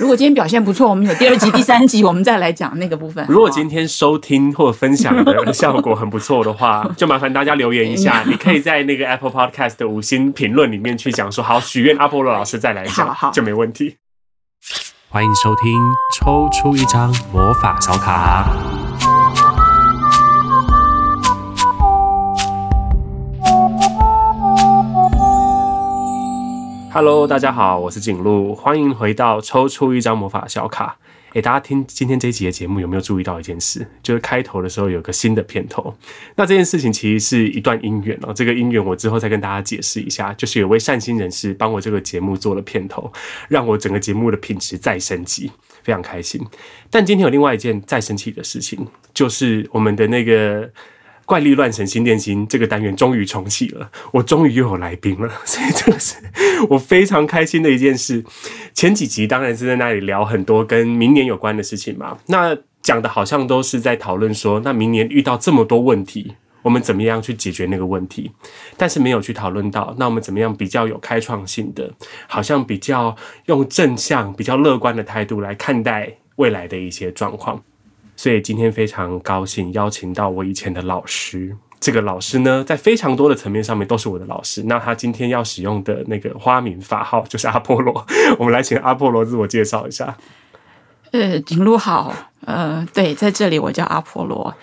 如果今天表現不錯，我們有第二集、第三集，我們再來講那個部分。 如果今天收聽或分享的效果很不錯的話，就麻煩大家留言一下。你可以在那個 Apple Podcast 的五星評論裡面去講說好，許願阿波羅老師再來講，好，就沒問題。歡迎收聽，抽出一張魔法小卡。Hello，大家好，我是景祿，歡迎回到抽出一張魔法小卡。誒、欸、大家聽今天這集的節目有沒有注意到一件事？就是開頭的時候有個新的片頭。那這件事情其實是一段姻緣哦，這個姻緣我之後再跟大家解釋一下。就是有位善心人士幫我這個節目做了片頭，讓我整個節目的品質再升級，非常開心。但今天有另外一件再升級的事情，就是我們的那個。怪力亂神心電心這個單元終於重啟了，我終於又有來賓了，所以這個是我非常開心的一件事。前幾集當然是在那裡聊很多跟明年有關的事情嘛，那講的好像都是在討論說，那明年遇到這麼多問題，我們怎麼樣去解決那個問題？但是沒有去討論到，那我們怎麼樣比較有開創性的，好像比較用正向、比較樂觀的態度來看待未來的一些狀況。所以今天非常高興邀請到我以前的老師。這個老師呢，在非常多的層面上面都是我的老師。那他今天要使用的那個花名法號就是阿波羅。 我們來請阿波羅自我介紹一下。呃，景路好。呃，對，在這裡我叫阿波羅。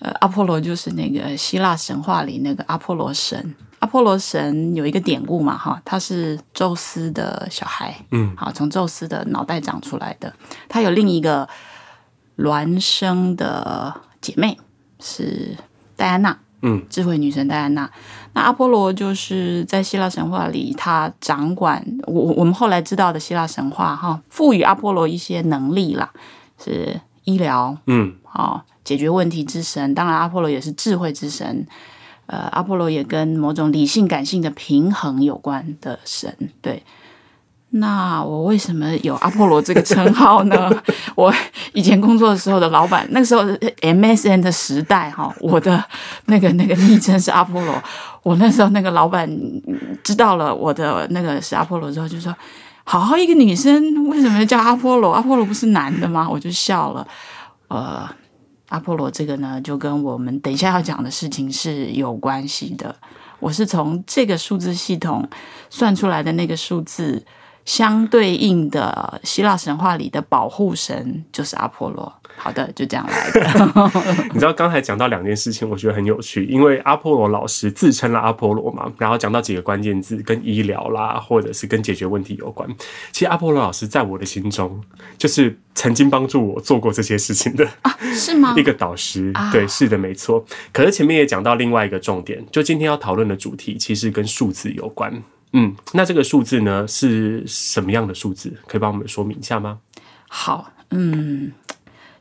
呃，阿波羅就是那個希臘神話裡那個阿波羅神。阿波羅神有一個典故嘛，哈，他是宙斯的小孩。嗯，好，從宙斯的腦袋長出來的。他有另一個。孿生的姐妹是戴安娜，智慧女神戴安娜。嗯，那阿波羅就是在希臘神話裡，他掌管我我們後來知道的希臘神話哈，賦予阿波羅一些能力啦，是醫療，嗯，解決問題之神。當然，阿波羅也是智慧之神，呃，阿波羅也跟某種理性感性的平衡有關的神，對。那我為什麼有阿波羅這個稱號呢？ 我以前工作的時候的老闆，那個時候 MSN 的時代哈，我的那個那個昵稱是阿波羅。我那時候那個老闆知道了我的那個是阿波羅之後，就說：“好好一個女生，為什麼叫阿波羅？阿波羅不是男的嗎？”我就笑了。呃，阿波羅這個呢，就跟我們等一下要講的事情是有關係的。我是從這個數字系統算出來的那個數字。相對應的希臘神話裡的保護神就是阿波羅。好的，就這樣來的。 你知道剛才講到兩件事情，我覺得很有趣，因為阿波羅老師自稱了阿波羅嘛，然後講到幾個關鍵字跟醫療啦，或者是跟解決問題有關。其實阿波羅老師在我的心中，就是曾經幫助我做過這些事情的，是嗎？一個導師，啊啊，對，是的，沒錯。可是前面也講到另外一個重點，就今天要討論的主題，其實跟數字有關。嗯，那這個數字呢，是什麼樣的數字？可以幫我們說明一下嗎？好，嗯，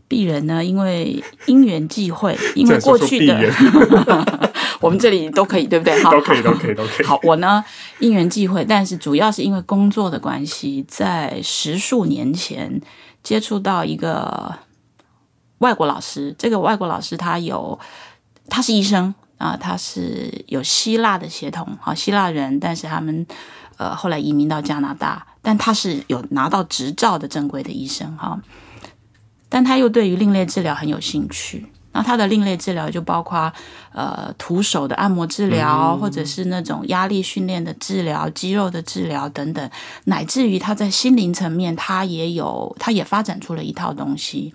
鄙人呢，因為因緣際會，因為過去的 說說 我們這裡都可以，對不對？好，都可以，都可以，都可以。好，我呢，因緣際會，但是主要是因為工作的關係，在十數年前接觸到一個外國老師。這個外國老師，他有，他是醫生。啊，他是有希臘的血統，哈，希臘人，但是他們，呃，後來移民到加拿大，但他是有拿到執照的正規的醫生，哈，但他又對於另類治療很有興趣。那他的另類治療就包括，呃，徒手的按摩治療，或者是那種壓力訓練的治療、肌肉的治療等等，乃至於他在心靈層面，他也有，他也發展出了一套東西。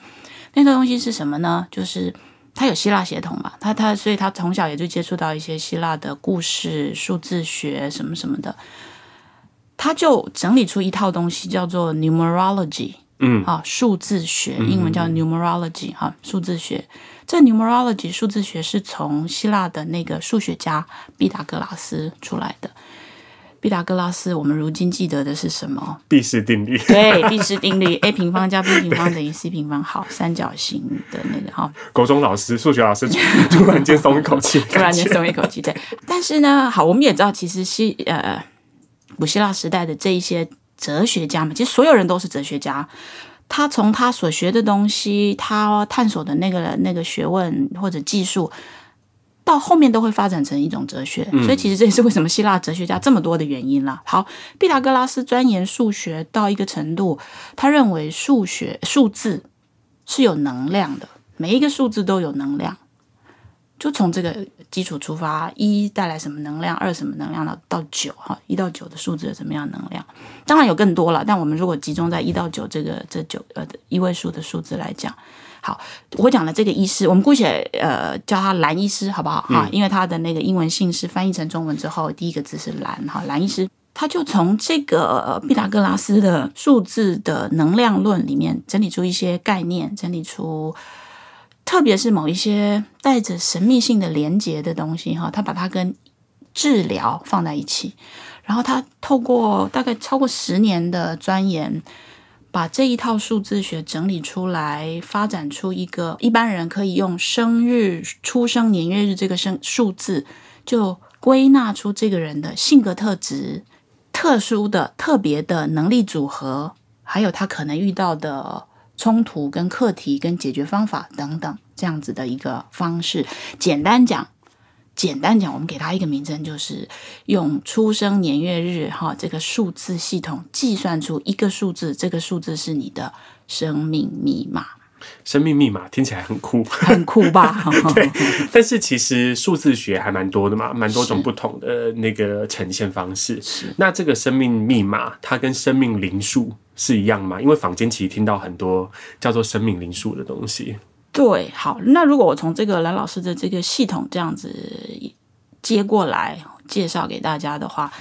那套東西是什麼呢？就是。他有希臘血統嘛，他他，所以他從小也就接觸到一些希臘的故事、數字學什麼什麼的。他就整理出一套東西，叫做 Numerology，嗯，啊，數字學，英文叫 Numerology，啊，數字學。這 Numerology 數字學是從希臘的那個數學家畢達哥拉斯出來的。畢達哥拉斯，我們如今記得的是什麼？畢氏定律。對，畢氏定律。a 平方加 b 平方等於 c 平方，好，三角形的那個哦。國中老師，數學老師 突然間鬆一口氣， 突然間鬆一口氣對。對，但是呢，好，我們也知道，其實西呃古希臘時代的這一些哲學家嘛，其實所有人都是哲學家。他從他所學的東西，他探索的那個那個學問或者技術。到後面都會發展成一種哲學，嗯、所以其實這也是為什麼希臘哲學家這麼多的原因啦。好，畢達哥拉斯鑽研數學到一個程度，他認為數學數字是有能量的，每一個數字都有能量。就從這個基礎出發，一帶來什麼能量，二什麼能量到到九哈，一到九的數字有什麼樣能量？當然有更多了，但我們如果集中在一到九這個這九呃一位數的數字來講。好，我講的這個醫師，我們姑且呃叫他藍醫師，好不好？嗯。因為他的那個英文姓氏翻譯成中文之後，第一個字是藍，哈，藍醫師，他就從這個畢達哥拉斯的數字的能量論裡面整理出一些概念，整理出特別是某一些帶着神秘性的連接的東西，哈，他把它跟治療放在一起，然後他透過大概超過十年的鑽研。把這一套數字學整理出來，發展出一個一般人可以用生日、出生年月日這個生數字，就歸納出這個人的性格特質、特殊的、特別的能力組合，還有他可能遇到的衝突、跟課題、跟解決方法等等這樣子的一個方式。簡單講。簡單講，我們給它一個名稱，就是用出生年月日哈這個數字系統計算出一個數字，這個數字是你的生命密碼。生命密碼聽起來很酷， 很酷吧？ 對，但是其實數字學還蠻多的嘛，蠻多種不同的那個呈現方式。是那這個生命密碼，它跟生命靈數是一樣嗎？因為坊間其實聽到很多叫做生命靈數的東西。對，好，那如果我從這個藍老師的這個系統這樣子接過來介紹給大家的話，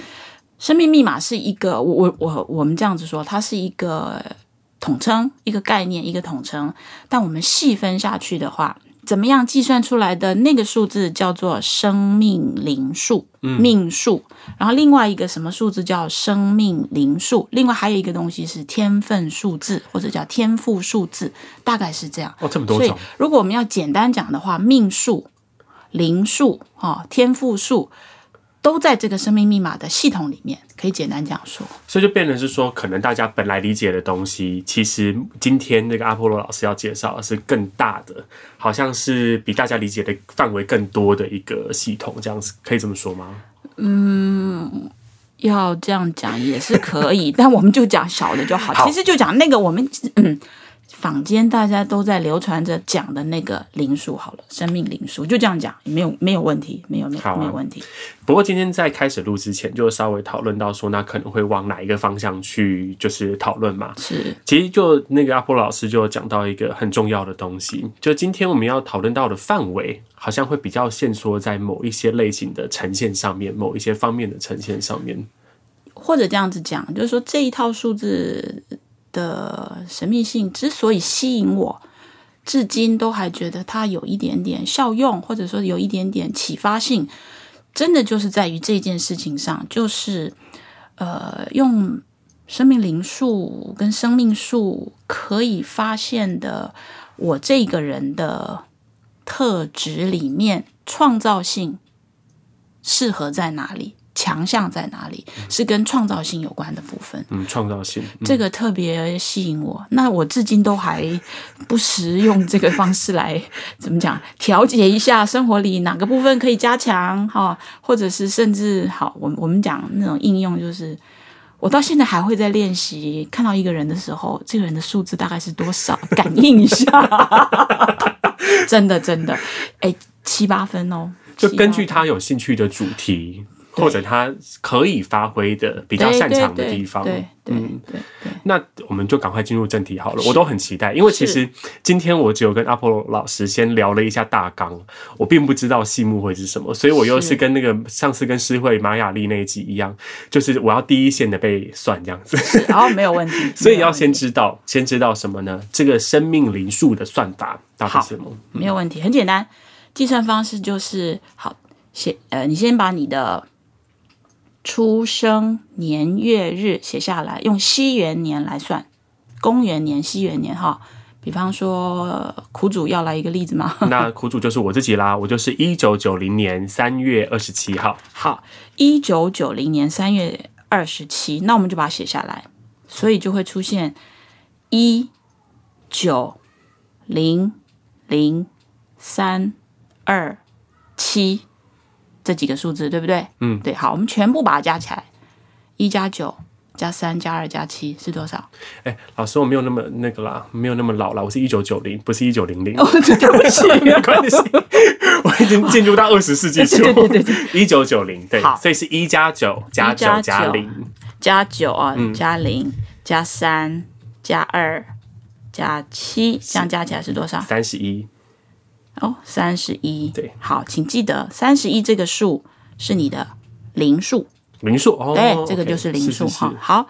生命密碼是一個，我我我我們這樣子說，它是一個統稱，一個概念，一個統稱，但我們細分下去的話。怎麼樣計算出來的那個數字叫做生命靈數、嗯、命數，然後另外一個什麼數字叫生命靈數，另外還有一個東西是天分數字或者叫天賦數字，大概是這樣。哦，這麼多。所以如果我們要簡單講的話，命數、靈數哦，天賦數。都在這個生命密碼的系統裡面，可以簡單講說。所以就變成是說，可能大家本來理解的東西，其實今天那個阿波羅老師要介紹的是更大的，好像是比大家理解的範圍更多的一個系統，這樣子可以這麼說嗎？嗯，要這樣講也是可以， 但我們就講小的就好。好。其實就講那個我們嗯。坊間大家都在流傳着講的那個靈數。好了，生命靈數就這樣講，沒有沒有問題，沒有好、啊、沒沒有問題。不過今天在開始錄之前，就稍微討論到說，那可能會往哪一個方向去，就是討論嘛？是，其實就那個阿波老師就講到一個很重要的東西，就今天我們要討論到的範圍，好像會比較限縮在某一些類型的呈現上面，某一些方面的呈現上面，或者這樣子講，就是說這一套數字，的神秘性之所以吸引我，至今都還覺得它有一點點效用，或者說有一點點啟發性，真的就是在於這件事情上，就是呃，用生命靈數跟生命數可以發現的我這個人的特質裡面，創造性適合在哪裡。強項在哪裡？是跟創造性有關的部分。嗯，創造性、嗯、這個特別吸引我。那我至今都還不時用這個方式來，怎麼講，調節一下生活裡哪個部分可以加強哈，或者是甚至好，我我們講那種應用，就是我到現在還會在練習，看到一個人的時候，這個人的數字大概是多少， 感應一下。真 的，真的，哎、欸，七八分哦。就根據他有興趣的主題。或者他可以發揮的比較擅長的地方，對對對，對、嗯。對對對對，那我們就趕快進入正題好了。我都很期待，因為其實今天我只有跟阿波羅老師先聊了一下大綱，我並不知道細目會是什麼，所以我又是跟那個上次跟詩慧瑪雅麗那一集一樣，就是我要第一線的被算這樣子，然後、哦、沒有問題。 所以要先知道，先知道什麼呢？這個生命靈數的算法到底什麼，麼、嗯？沒有問題，很簡單，計算方式就是好，先呃，你先把你的。出生年月日寫下來，用西元年來算，公元年、西元年哈。比方說，苦主要來一個例子嗎？那苦主就是我自己啦，我就是一九九零年三月二十七號。好，一九九零年三月二十七，那我們就把它寫下來，所以就會出現一九零零三二七。這幾個數字對不對？嗯，對，好，我們全部把它加起來，一加九加三加二加七是多少？哎，老師，我沒有那麼那個啦，沒有那麼老啦。我是一九九零，不是一九零零。哦對，對不起， 沒關係， 我已經進入到二十世紀初，對對對對一九九零，好，所以是一加九加九加零加九啊，加零、嗯、加三加二加七，相加起來是多少？三十一。哦、oh，三十一，對，好，請記得三十一這個數是你的零數，零數、哦、對，這個就是零數哈、哦 okay。好，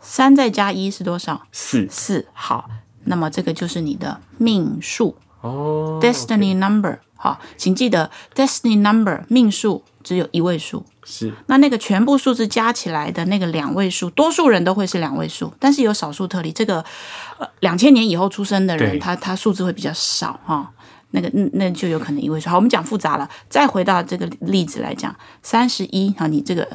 三再加一是多少？四。四，好，那麼這個就是你的命數哦，Destiny Number 哈、哦 okay，請記得 Destiny Number 命數只有一位數是，那那個全部數字加起來的那個兩位數，多數人都會是兩位數，但是有少數特例，這個呃、兩千年以後出生的人，他他數字會比較少哈。哦那個嗯，那就有可能一位數。好，我們講複雜了，再回到這個例子來講，三十一啊，你這個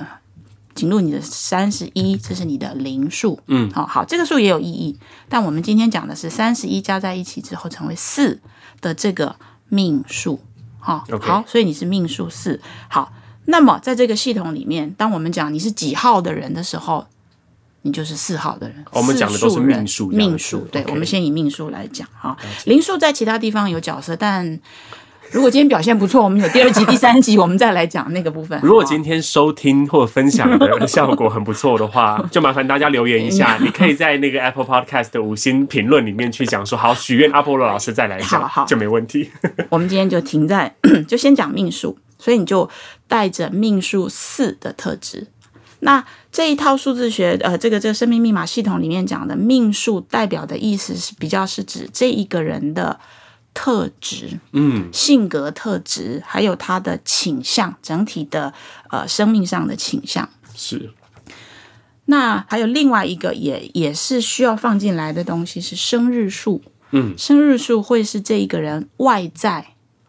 進入你的三十一，這是你的靈數，嗯，哦好，這個數也有意義，但我們今天講的是三十一加在一起之後成為四的這個命數，好、哦 okay。好，所以你是命數四，好，那麼在這個系統裡面，當我們講你是幾號的人的時候，你就是四號的人，我們講的都是命數命數，對，okay, 我們先以命數來講哈。靈數在其他地方有角色，但如果今天表現不錯，我們有第二集、 第三集，我們再來講那個部分好好。如果今天收聽或分享的效果很不錯的話， 就麻煩大家留言一下。 你可以在那個 Apple Podcast 的五星評論裡面去講說，好許願，阿波羅老師再來講，好 就沒問題。好好 我們今天就停在， 就先講命數，所以你就帶着命數四的特質，那。這一套數字學，呃，這個這個生命密碼系統裡面講的命數代表的意思是比較是指這一個人的特質，嗯，性格特質，還有他的傾向，整體的呃生命上的傾向。是。那還有另外一個也也是需要放進來的東西是生日數，嗯，生日數會是這一個人外在。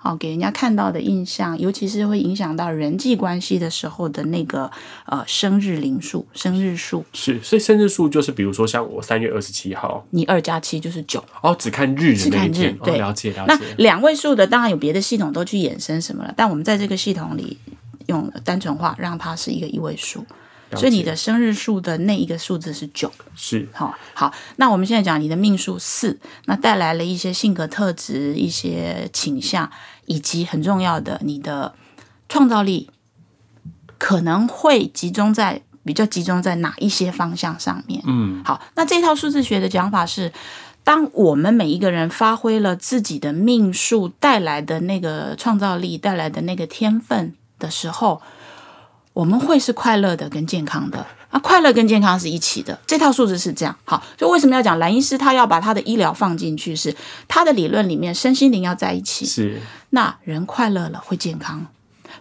哦，給人家看到的印象，尤其是會影響到人際關係的時候的那個呃生日靈數、生日數是，所以生日數就是，比如說像我三月二十七號，你二加七就是九哦，只看日一天，只看日，對，哦，了解了解。那兩位數的，當然有別的系統都去衍生什麼了，但我們在這個系統裡用單純化，讓它是一個一位數。所以你的生日數的那一個數字是九，是，好，好。那我們現在講你的命數四，那帶來了一些性格特質、一些傾向，以及很重要的你的創造力，可能會集中在比較集中在哪一些方向上面？嗯，好。那這套數字學的講法是，當我們每一個人發揮了自己的命數帶來的那個創造力、帶來的那個天分的時候。我們會是快樂的跟健康的，那、啊、快樂跟健康是一起的。這套數字是這樣，好，就為什麼要講蘭醫師？他要把他的醫療放進去，是他的理論裡面，身心靈要在一起。是，那人快樂了會健康，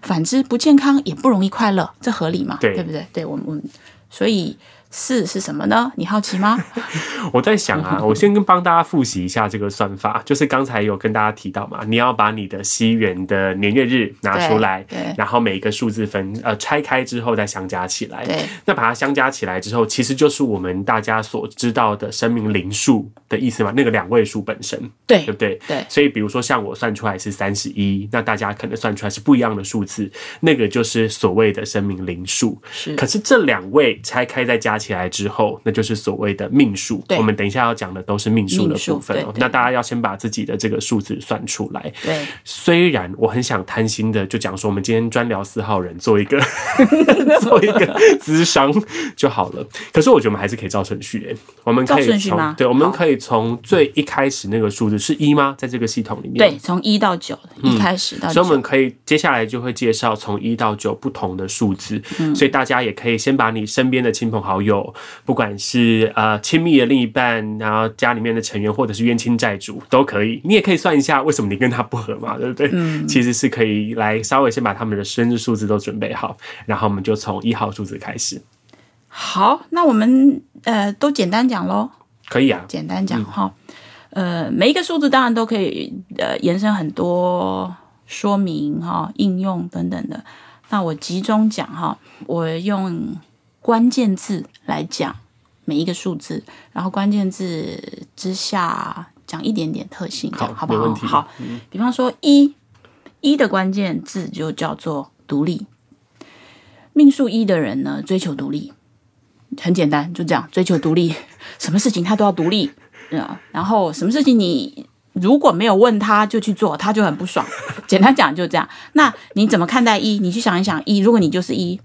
反之不健康也不容易快樂，這合理嗎？對，對不對？對，我們，我們，所以。四是什麼呢？你好奇嗎？ 我在想啊，我先跟幫大家複習一下這個算法。 就是剛才有跟大家提到嘛，你要把你的西元的年月日拿出來，對，對，然後每一個數字分呃拆開之後再相加起來，對，那把它相加起來之後，其實就是我們大家所知道的生命靈數的意思嘛，那個兩位數本身，對，對不對？對，所以比如說像我算出來是三十一，那大家可能算出來是不一樣的數字，那個就是所謂的生命靈數，是，可是這兩位拆開再加起。起來之後，那就是所謂的命數。我們等一下要講的都是命數的部分，喔對對對。那大家要先把自己的這個數字算出來。對，雖然我很想貪心的就講說，我們今天專聊四號人，做一個 做一個諮商就好了。 可是我覺得我們還是可以照順序來，欸。照順序嗎？對，我們可以從最一開始那個數字是一嗎？在這個系統裡面，對，從一到九，嗯，一開始到9。所以我們可以接下來就會介紹從一到九不同的數字，嗯。所以大家也可以先把你身邊的親朋好友。有不管是呃親密的另一半，然後家裡面的成員，或者是冤親債主都可以。你也可以算一下，為什麼你跟他不合嘛，對不對，嗯。其實是可以來稍微先把他們的生日數字都準備好，然後我們就從一號數字開始。好，那我們呃都簡單講嘍，可以啊，簡單講哈、嗯哦。呃，每一個數字當然都可以呃延伸很多說明哈、哦、應用等等的。那我集中講哈、哦，我用。關鍵字來講每一個數字，然後關鍵字之下講一點點特性，好，這樣，好不好？沒問題，好、嗯，比方說一，一的關鍵字就叫做獨立。命數一的人呢，追求獨立，很簡單，就這樣，追求獨立，什麼事情他都要獨立啊。然後什麼事情你如果沒有問他就去做，他就很不爽。簡單講就這樣。那你怎麼看待一？你去想一想一，一如果你就是一，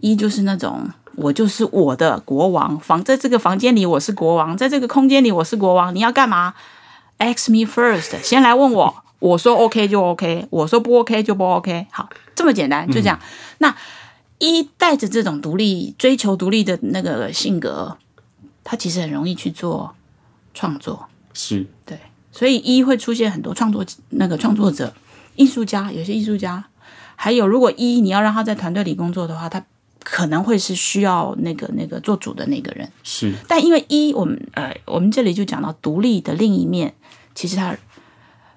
一就是那種。我就是我的國王，房在這個房間裡我是國王，在這個空間裡我是國王。你要幹嘛？Ask me first，先來問我。我說 OK 就 OK，我說不 OK 就不 OK。好，這麼簡單，就這樣。嗯、那一帶着這種獨立、追求獨立的那個性格，他其實很容易去做創作。是，對，所以一會出現很多創作那個創作者、藝術家，有些藝術家，還有如果一你要讓他在團隊裡工作的話，他。可能會是需要那個那個做主的那個人，是。但因為一，我們呃，我們這裡就講到獨立的另一面，其實他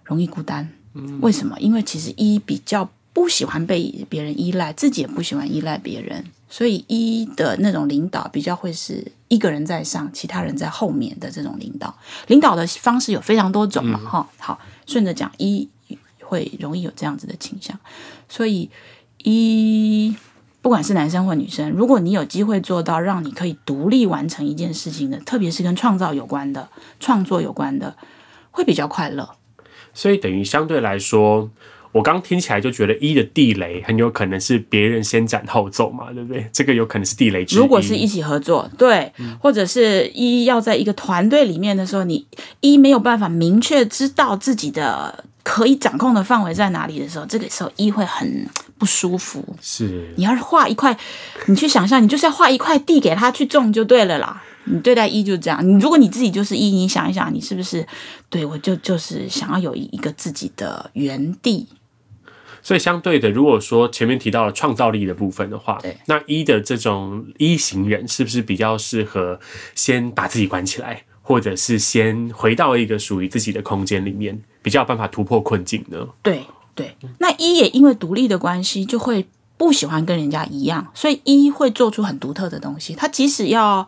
容易孤單。嗯，為什麼？因為其實一比較不喜歡被別人依賴，自己也不喜歡依賴別人，所以一的那種領導比較會是一個人在上，其他人在後面的這種領導。領導的方式有非常多種嘛。哈，嗯，哦，好，順着講，一會容易有這樣子的傾向，所以一。不管是男生或女生，如果你有機會做到讓你可以獨立完成一件事情的，特別是跟創造有關的、創作有關的，會比較快樂。所以等於相對來說，我剛聽起來就覺得一的地雷很有可能是別人先斬後奏嘛，對不對？這個有可能是地雷之一。如果是一起合作，對，嗯、或者是一要在一個團隊裡面的時候，你一沒有辦法明確知道自己的可以掌控的範圍在哪裡的時候，這個時候一會很。不舒服，是。你要是畫一塊，你去想象你就是要畫一塊地給他去種就對了啦。你對待一就這樣，你如果你自己就是一，你想一想，你是不是對我就就是想要有一個自己的園地？所以相對的，如果說前面提到了創造力的部分的話，對，那一的這種一行人是不是比較適合先把自己關起來，或者是先回到一個屬於自己的空間裡面，比較有辦法突破困境呢？對。對，那一也因為獨立的關係，就會不喜歡跟人家一樣，所以一會做出很獨特的東西。他即使要，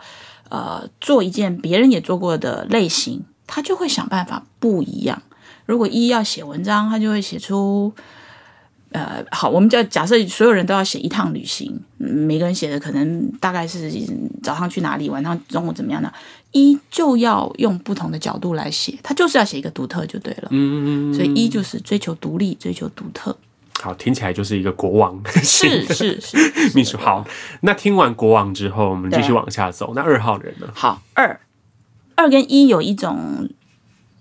呃，做一件別人也做過的類型，他就會想辦法不一樣。如果一要寫文章，他就會寫出。呃，好，我們就要假設所有人都要寫一趟旅行，每個人寫的可能大概是早上去哪裡玩，晚上中午怎麼樣呢？一就要用不同的角度來寫，他就是要寫一個獨特就對了。嗯嗯嗯。所以一就是追求獨立，追求獨特。好，聽起來就是一個國王。是是是，秘書好。那聽完國王之後，我們繼續往下走。啊、那二號人呢？好，二二跟一有一種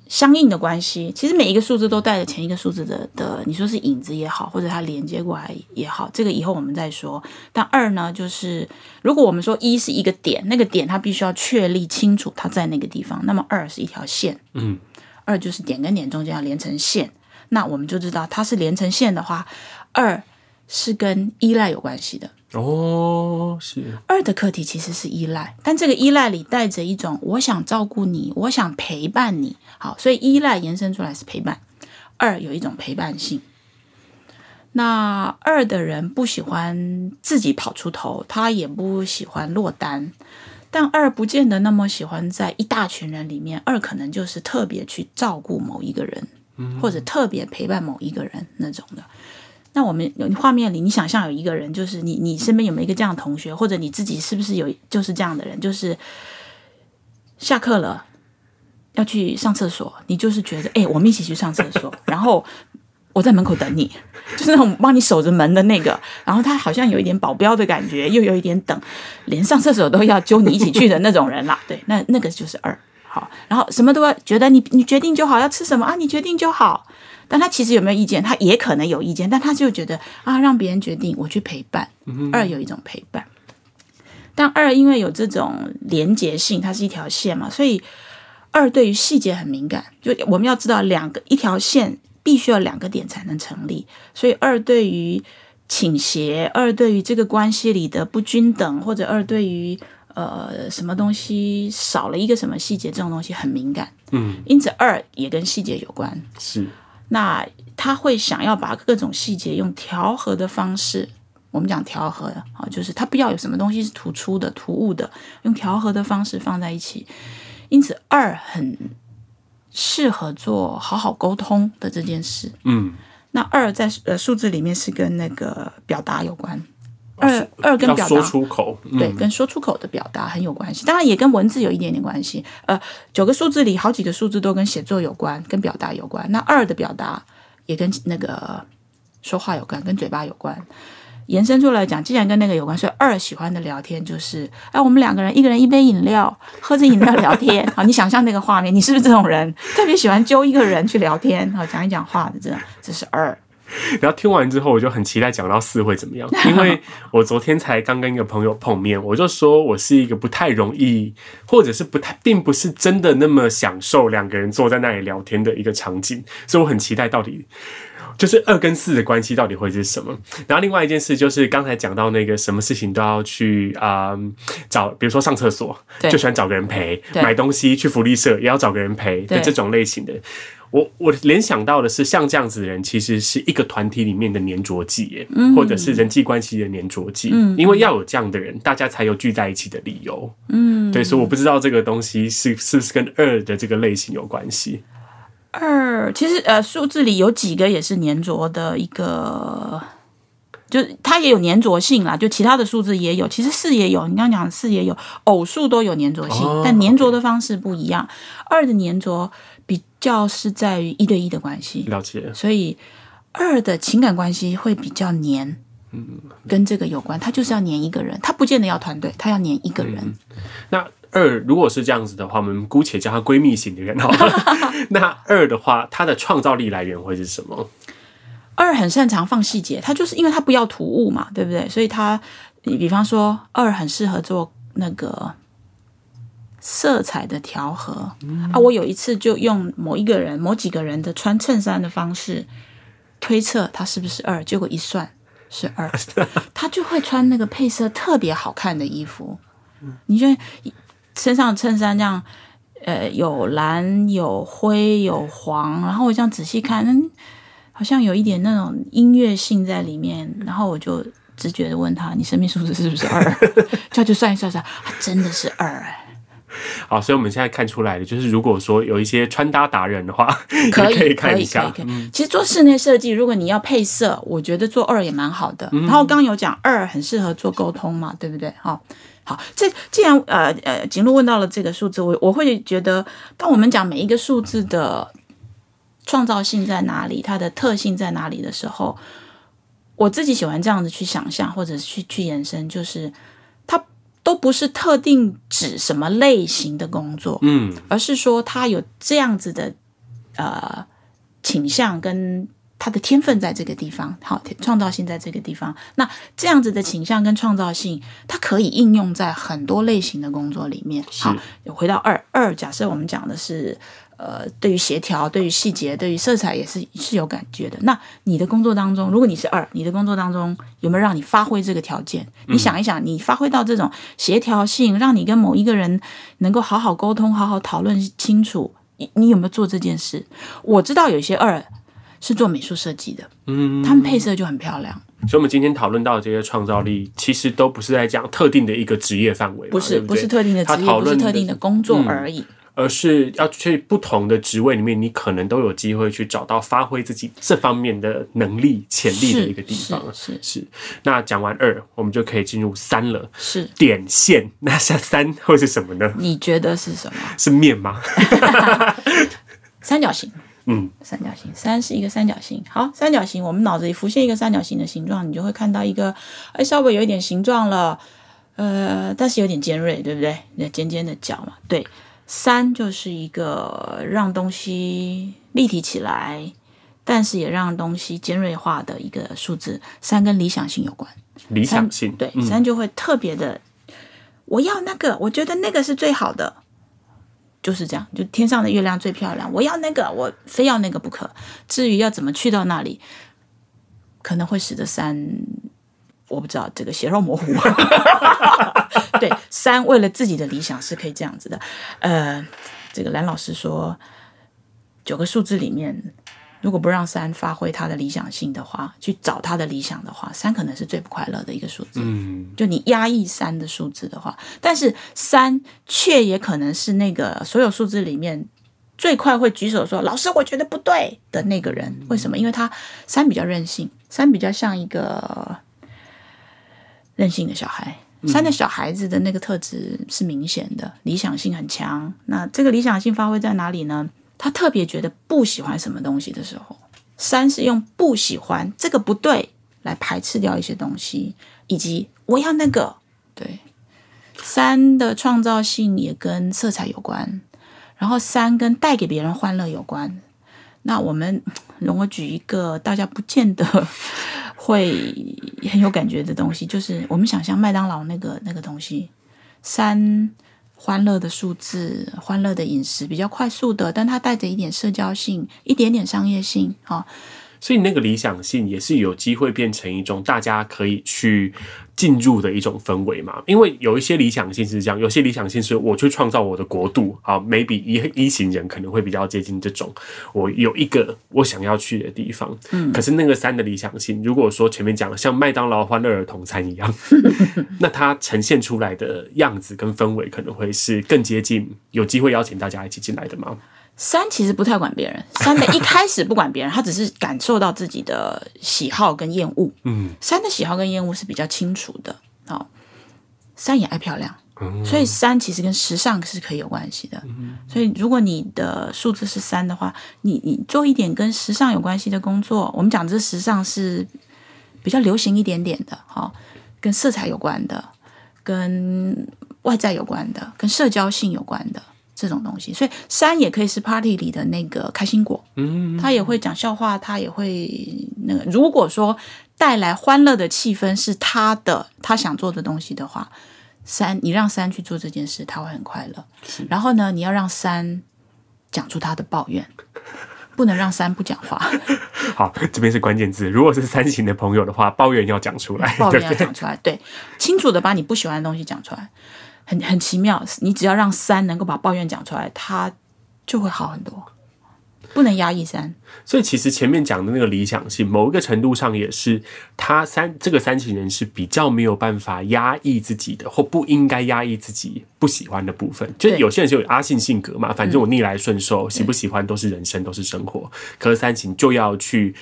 相應的關係，其實每一個數字都帶着前一個數字的的，你說是影子也好，或者它連接過來也好，這個以後我們再說。但二呢，就是如果我們說一是一個點，那個點它必須要確立清楚，它在那個地方。那麼二是一條線，嗯，二就是點跟點中間要連成線。那我們就知道，它是連成線的話，二是跟依賴有關係的。哦，是。二的課題其實是依賴，但這個依賴裡帶着一種我想照顧你，我想陪伴你。好，所以依賴延伸出來是陪伴。二有一種陪伴性。那二的人不喜歡自己跑出頭，他也不喜歡落單，但二不見得那麼喜歡在一大群人裡面。二可能就是特別去照顧某一個人，或者特別陪伴某一個人、嗯、那種的。那我們有畫面裡，你想象有一個人，就是你，你身邊有沒有一個這樣的同學，或者你自己是不是有就是這樣的人？就是下課了要去上廁所，你就是覺得哎、欸，我們一起去上廁所，然後我在門口等你，就是那種幫你守着門的那個，然後他好像有一點保鏢的感覺，又有一點等，連上廁所都要揪你一起去的那種人啦。對，那那個就是二。然後什麼都要覺得你你決定就好，要吃什麼啊？你決定就好。但他其實有沒有意見？他也可能有意見，但他就覺得啊，讓別人決定，我去陪伴。嗯哼。二有一種陪伴，但二因為有這種連結性，它是一條線嘛，所以二對於細節很敏感。就我們要知道，兩個一條線必須要兩個點才能成立。所以二對於傾斜，二對於這個關係裡的不均等，或者二對於。呃，什麼東西少了一個什麼細節，這種東西很敏感。嗯，因此二也跟細節有關。是，那他會想要把各種細節用調和的方式，我們講調和啊，就是他不要有什麼東西是突出的、突兀的，用調和的方式放在一起。因此二很適合做好好溝通的這件事。嗯，那二在呃數字裡面是跟那個表達有關。二二跟表達，對、嗯，跟說出口的表達很有關係，當然也跟文字有一點點關係。呃，九個數字裡，好幾個數字都跟寫作有關，跟表達有關。那二的表達也跟那個說話有關，跟嘴巴有關。延伸出來講，既然跟那個有關，所以二喜歡的聊天就是，哎、呃，我們兩個人，一個人一杯飲料，喝着飲料聊天啊。 你想象那個畫面，你是不是這種人？ 特別喜歡揪一個人去聊天，好，講一講話的，這種。這是二。然後聽完之後，我就很期待講到四會怎麼樣，因為我昨天才剛跟一個朋友碰面，我就說我是一個不太容易，或者是不太，並不是真的那麼享受兩個人坐在那裡聊天的一個場景，所以我很期待到底就是二跟四的關係到底會是什麼。然後另外一件事就是剛才講到那個什麼事情都要去啊、呃、找，比如說上廁所就喜歡找個人陪，買東西去福利社也要找個人陪的這種類型的。我我聯想到的是，像這樣子的人，其實是一個團體裡面的粘着劑，或者是人際關係的粘着劑，嗯，因為要有這樣的人，大家才有聚在一起的理由，嗯，對，所以我不知道這個東西是是不是跟二的這個類型有關係。二，其實呃，數字裡有幾個也是粘着的一個。就它也有粘着性啦，就其他的數字也有，其實四也有。你剛剛講四也有，偶數都有粘着性。哦、但粘着的方式不一樣。二、哦 okay、的粘着比較是在於一對一的關係，了解。所以二的情感關係會比較黏，嗯，跟這個有關。他就是要黏一個人，他不見得要團隊，他要黏一個人。嗯、那二如果是這樣子的話，我們姑且叫她閨蜜型的人哈。 那二的話，她的創造力來源會是什麼？二很擅長放細節，他就是因為他不要突兀嘛，對不對？所以他，你比方說，二很適合做那個色彩的調和、嗯、啊。我有一次就用某一個人、某幾個人的穿襯衫的方式推測他是不是二，結果一算是二， 他就會穿那個配色特別好看的衣服。你覺得身上襯衫這樣，呃，有藍、有灰、有黃，然後我這樣仔細看，嗯。好像有一點那種音樂性在裡面，然後我就直覺的問他：“你生命數字是不是二？”這樣就算一算算，啊，真的是二欸。好，所以我們現在看出來的就是，如果說有一些穿搭達人的話，可以，可以看一下，可以、可以、可以。其實做室內設計，如果你要配色，我覺得做二也蠻好的。然後剛有講二很適合做溝通嘛，對不對？好，好，這既然呃呃景路問到了這個數字，我我會覺得，當我們講每一個數字的。創造性在哪裡？它的特性在哪裡的時候，我自己喜歡這樣子去想象或者去去延伸，就是它都不是特定指什麼類型的工作，嗯，而是說它有這樣子的呃傾向跟它的天分在這個地方，好，創造性在這個地方，那這樣子的傾向跟創造性，它可以應用在很多類型的工作裡面。好，回到二二，假設我們講的是。呃，對於協調、對於細節、對於色彩，也是是有感覺的。那你的工作當中，如果你是二，你的工作當中有沒有讓你發揮這個條件？嗯、你想一想，你發揮到這種協調性，讓你跟某一個人能夠好好溝通、好好討論清楚，你你有沒有做這件事？我知道有些二是做美術設計的，嗯，他們配色就很漂亮。所以，我們今天討論到的這些創造力、嗯，其實都不是在講特定的一個職業範圍，不是，對不對？不是特定的職業，不是特定的工作而已。嗯而是要去不同的職位裡面，你可能都有機會去找到發揮自己這方面的能力潛力的一個地方。是是，是，是。那講完二，我們就可以進入三了。是。點線，那下三會是什麼呢？你覺得是什麼？是面嗎？ 三角形。嗯，三角形。三是一個三角形。好，三角形，我們腦子裡浮現一個三角形的形狀，你就會看到一個，哎、欸，稍微有一點形狀了，呃，但是有點尖銳，對不對？那尖尖的角嘛，對。三就是一個讓東西立體起來，但是也讓東西尖銳化的一個數字。三跟理想性有關，理想性對、嗯，三就會特別的，我要那個，我覺得那個是最好的，就是這樣，就天上的月亮最漂亮，我要那個，我非要那個不可。至於要怎麼去到那裡，可能會使得三。我不知道這個血肉模糊， 對，三為了自己的理想是可以這樣子的。呃，這個藍老師說九個數字裡面，如果不讓三發揮他的理想性的話，去找他的理想的話，三可能是最不快樂的一個數字。嗯，就你壓抑三的數字的話，但是三卻也可能是那個所有數字裡面最快會舉手說“老師，我覺得不對”的那個人。嗯。為什麼？因為他三比較任性，三比較像一個。任性的小孩，三的小孩子的那個特質是明顯的，嗯，理想性很強。那這個理想性發揮在哪裡呢？他特別覺得不喜歡什麼東西的時候，三是用不喜歡這個不對來排斥掉一些東西，以及我要那個。對，三的創造性也跟色彩有關，然後三跟帶給別人歡樂有關。那我們容我舉一個，大家不見得。 會很有感覺的東西，就是我們想象麥當勞那個那個東西，三歡樂的數字，歡樂的飲食，比較快速的，但它帶着一點社交性，一點點商業性，啊、哦。所以那個理想性也是有機會變成一種大家可以去進入的一種氛圍嘛，因為有一些理想性是這樣，有些理想性是我去創造我的國度啊，maybe 一一行人可能會比較接近這種，我有一個我想要去的地方，嗯，可是那個三的理想性，如果說前面講了像麥當勞歡樂兒童餐一樣， 那它呈現出來的樣子跟氛圍可能會是更接近，有機會邀請大家一起進來的嘛。三其實不太管別人，三的一開始不管別人， 他只是感受到自己的喜好跟厭惡。嗯，三的喜好跟厭惡是比較清楚的。哦，三也愛漂亮，所以三其實跟時尚是可以有關係的嗯嗯。所以如果你的數字是三的話，你你做一點跟時尚有關係的工作，我們講的這時尚是比較流行一點點的，好，哦，跟色彩有關的，跟外在有關的，跟社交性有關的。這種東西，所以三也可以是 party 裡的那個開心果，嗯，嗯，他也會講笑話，他也會那個。如果說帶來歡樂的氣氛是他的，他想做的東西的話，三，你讓三去做這件事，他會很快樂。然後呢，你要讓三講出他的抱怨，不能讓三不講話。 好，這邊是關鍵字。如果是三型的朋友的話，抱怨要講出來，抱怨要講出來對對，對，清楚的把你不喜歡的東西講出來。很很奇妙，你只要讓三能夠把抱怨講出來，他就會好很多。不能壓抑三，所以其實前面講的那個理想性，某一個程度上也是他三這個三型人是比較沒有辦法壓抑自己的，或不應該壓抑自己不喜歡的部分。就有些人是有阿信性格嘛，反正我逆來順受，喜不喜歡都是人生，都是生活。可是三型就要去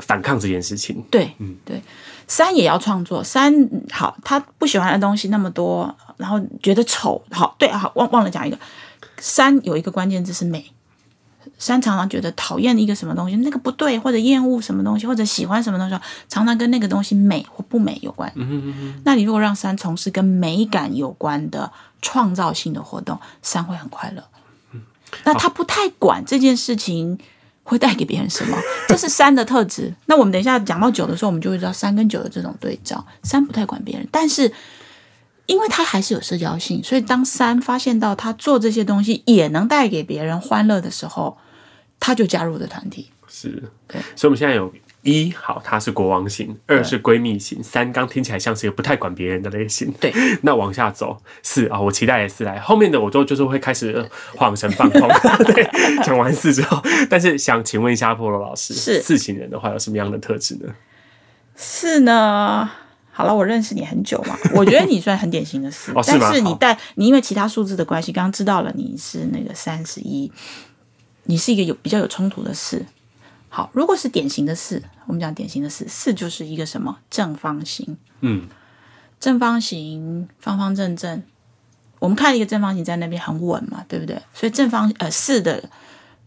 反抗這件事情。對，嗯，對，三也要創作，三好，他不喜歡的東西那麼多。然後覺得醜，好對啊，忘忘了講一個，三有一個關鍵字是美，三常常覺得討厭一個什麼東西，那個不對，或者厭惡什麼東西，或者喜歡什麼東西，常常跟那個東西美或不美有關。那你如果讓三從事跟美感有關的創造性的活動，三會很快樂。那他不太管這件事情會帶給別人什麼，這是三的特質。那我們等一下講到九的時候，我們就會知道三跟九的這種對照，三不太管別人，但是。因為他還是有社交性，所以當三發現到他做這些東西也能帶給別人歡樂的時候，他就加入的團體。是，所以我們現在有一，1. 好，他是國王型；二是閨蜜型；三剛聽起來像是一個不太管別人的類型。對，那往下走，四啊、哦，我期待的是來後面的我都就是會開始晃神放空。 對，講完四之後，但是想請問一下波羅老師，是四型人的話有什麼樣的特質呢？是呢？好了，我認識你很久嘛， 我覺得你算很典型的四，哦，但是你帶你因為其他數字的關係，剛剛知道了你是那個三十一，你是一個有比較有衝突的四。好，如果是典型的四，我們講典型的四，四就是一個什麼？正方形，嗯，正方形方方正正，我們看一個正方形在那邊很穩嘛，對不對？所以正方呃四的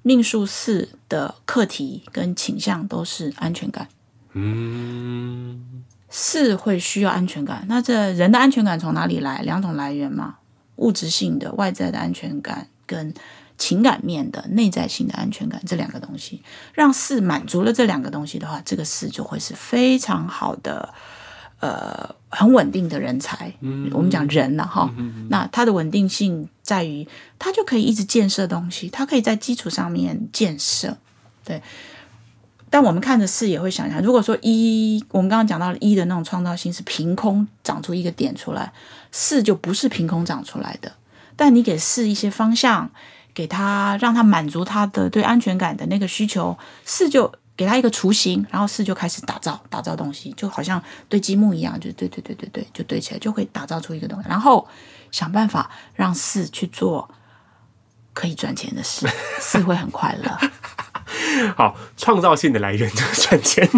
命數四的課題跟傾向都是安全感，嗯。四會需要安全感，那這人的安全感從哪裡來？兩種來源嘛，物質性的外在的安全感跟情感面的內在性的安全感，這兩個東西讓四滿足了這兩個東西的話，這個四就會是非常好的，呃，很穩定的人才。嗯、mm-hmm.，我們講人了、啊、哈，mm-hmm. 那它的穩定性在於，它就可以一直建設東西，它可以在基礎上面建設，對。但我們看着四也會想一下，如果說一，我們剛剛講到一的那種創造性是憑空長出一個點出來，四就不是憑空長出來的。但你給四一些方向，給他讓他滿足他的對安全感的那個需求，四就給他一個雛形，然後四就開始打造，打造東西，就好像堆積木一樣，就堆堆堆堆堆，就堆起來，就會打造出一個東西。然後想辦法讓四去做可以賺錢的事， 四會很快樂。好，創造性的來源就是賺錢。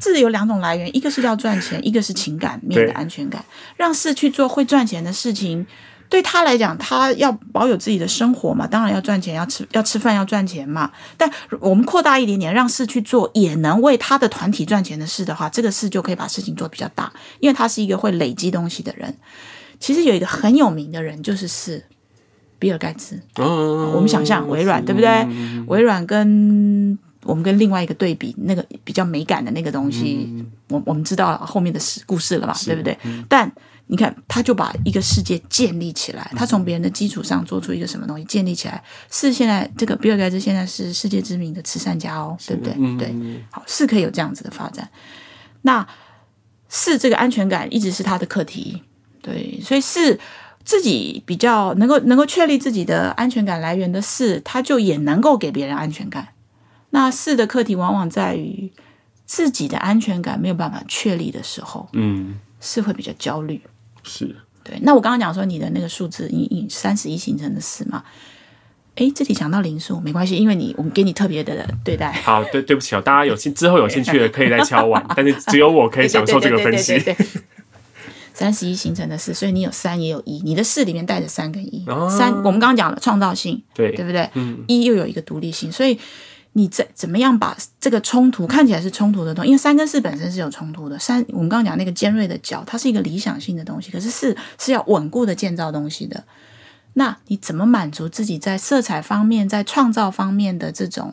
這有兩種來源，一個是要賺錢，一個是情感面的安全感。讓四去做會賺錢的事情，對他來講，他要保有自己的生活嘛，當然要賺錢，要吃要吃飯，要賺錢嘛。但我們擴大一點點，讓四去做也能為他的團體賺錢的事的話，這個四就可以把事情做比較大，因為他是一個會累積東西的人。其實有一個很有名的人就是四。比爾蓋茨，oh, 我們想象微軟，對不對？微軟跟我們跟另外一個對比，那個比較美感的那個東西，我、嗯、我們知道了後面的事故事了嘛，對不對、嗯？但你看，他就把一個世界建立起來，他從別人的基礎上做出一個什麼東西建立起來，是現在這個比爾蓋茨現在是世界知名的慈善家哦，對不對？對、嗯嗯，好是可以有這樣子的發展。那是這個安全感一直是他的課題，對，所以是。自己比較能夠能夠確立自己的安全感來源的四，他就也能夠給別人安全感。那四的課題往往在於自己的安全感沒有辦法確立的時候，嗯，是會比較焦慮。是，對。那我剛剛講說你的那個數字，你你三十一形成的四嘛？哎、欸，這題講到零數沒關係，因為你我們給你特別的對待。好，對，對不起哦，大家有興之後有興趣的可以來敲碗， 但是只有我可以享受這個分析。對對對對對對對對三十一形成的四，所以你有三也有一，你的四裡面帶着三跟一、啊。三，我們剛剛講了創造性，對，對不對、嗯？一又有一個獨立性，所以你在怎，怎麼樣把這個衝突看起來是衝突的東西，因為三跟四本身是有衝突的。三，我們剛剛講那個尖銳的角，它是一個理想性的東西，可是四是要穩固的建造東西的。那你怎麼滿足自己在色彩方面、在創造方面的這種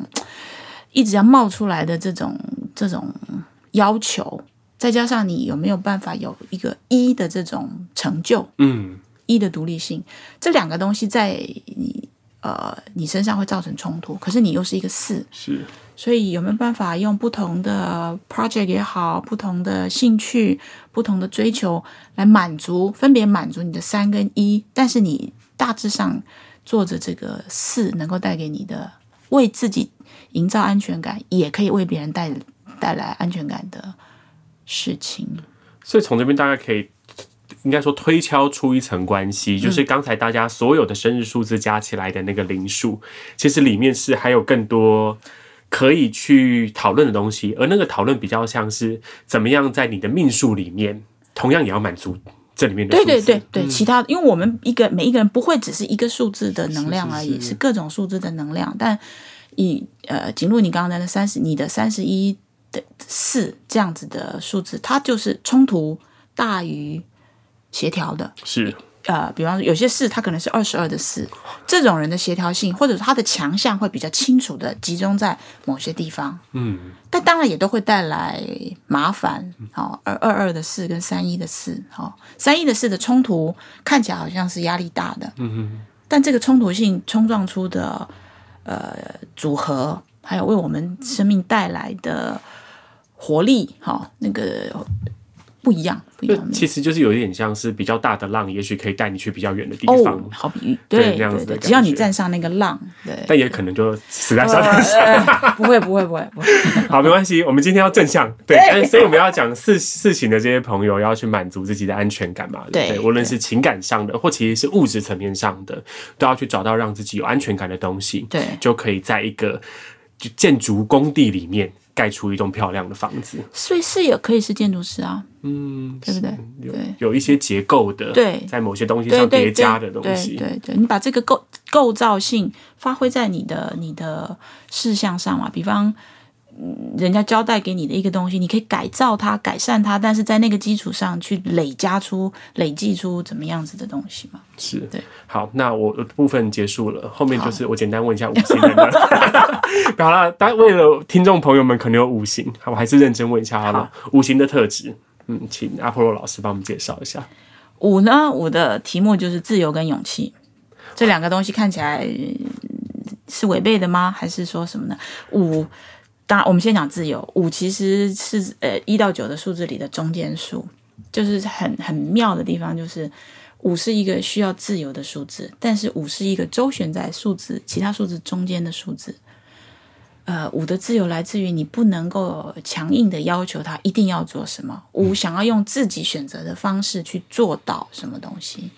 一直要冒出來的這種這種要求？再加上你有沒有辦法有一個一的這種成就，嗯，一的獨立性，這兩個東西在你呃你身上會造成衝突。可是你又是一個四，是，所以有沒有辦法用不同的 project 也好，不同的興趣、不同的追求來滿足，分別滿足你的三跟一，但是你大致上做着這個四能夠帶給你的，為自己營造安全感，也可以為別人帶帶來安全感的。事情，所以從這邊大概可以，應該說推敲出一層關係，嗯，就是剛才大家所有的生日數字加起來的那個靈數，其實裡面是還有更多可以去討論的東西，而那個討論比較像是怎麼樣在你的命數裡面，同樣也要滿足這裡面的。對對對對，嗯，其他，因為我們一個每一個人不會只是一個數字的能量而已，是，是，是，是各種數字的能量，但以呃，僅如你剛才的三十，你的三十一，的四，這樣子的數字，它就是衝突大於協調的。是，呃，比方說有些四，它可能是二十二的四，這種人的協調性，或者他的強項，會比較清楚的集中在某些地方。嗯，但當然也都會帶來麻煩。好、哦，二二二的四跟三一的四，好、哦，三一的四的衝突看起來好像是壓力大的。嗯，但這個衝突性衝撞出的呃組合，還有為我們生命帶來的。活力哈，那個不一樣不一樣。其實就是有一點像是比較大的浪，也許可以帶你去比較遠的地方。哦、好比喻，對，對那樣子的對對對。只要你站上那個浪，對，但也可能就死在沙灘上、呃呃、不會不會不會，好沒關係， 我們今天要正向對，對。所以我們要講事事情的這些朋友要去滿足自己的安全感嘛？對，對對無論是情感上的或其實是物質層面上的，都要去找到讓自己有安全感的東西。對，就可以在一個就建築工地裡面。蓋出一棟漂亮的房子，所以設計師也可以是建築師啊，嗯，對不對？對，有一些結構的，對，在某些東西上疊加的東西，對對,對,對,對,對,對,對，你把這個構構造性發揮在你的你的事項上嘛、啊，比方。人家交代給你的一個東西，你可以改造它，改善它，但是在那個基礎上去累加出，累計出怎麼樣子的東西嘛？是對。好，那我的部分結束了，後面就是我簡單問一下五行的問題。好了， 但為了聽眾朋友們，可能有五行，我還是認真問一下他的五行的特質。嗯，請阿波羅老師幫我們介紹一下。五呢？五的題目就是自由跟勇氣，這兩個東西看起來是違背的嗎？還是說什麼呢？五。當然，我們先講自由。五其實是呃一到九的數字裡的中間數，就是很很妙的地方，就是五是一個需要自由的數字，但是五是一個周旋在數字其他數字中間的數字。呃，五的自由來自於你不能夠強硬的要求他一定要做什麼，五想要用自己選擇的方式去做到什麼東西。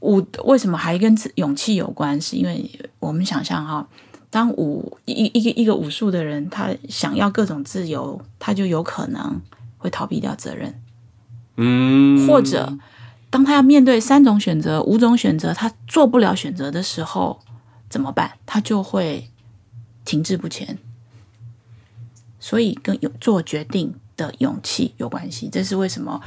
五為什麼還跟勇氣有關？是因為我們想象哈。當武一一個一,一個武術的人，他想要各種自由，他就有可能會逃避掉責任。嗯，或者當他要面對三種選擇、五種選擇，他做不了選擇的時候，怎麼辦？他就會停滯不前。所以跟有做決定的勇氣有關係，這是為什麼？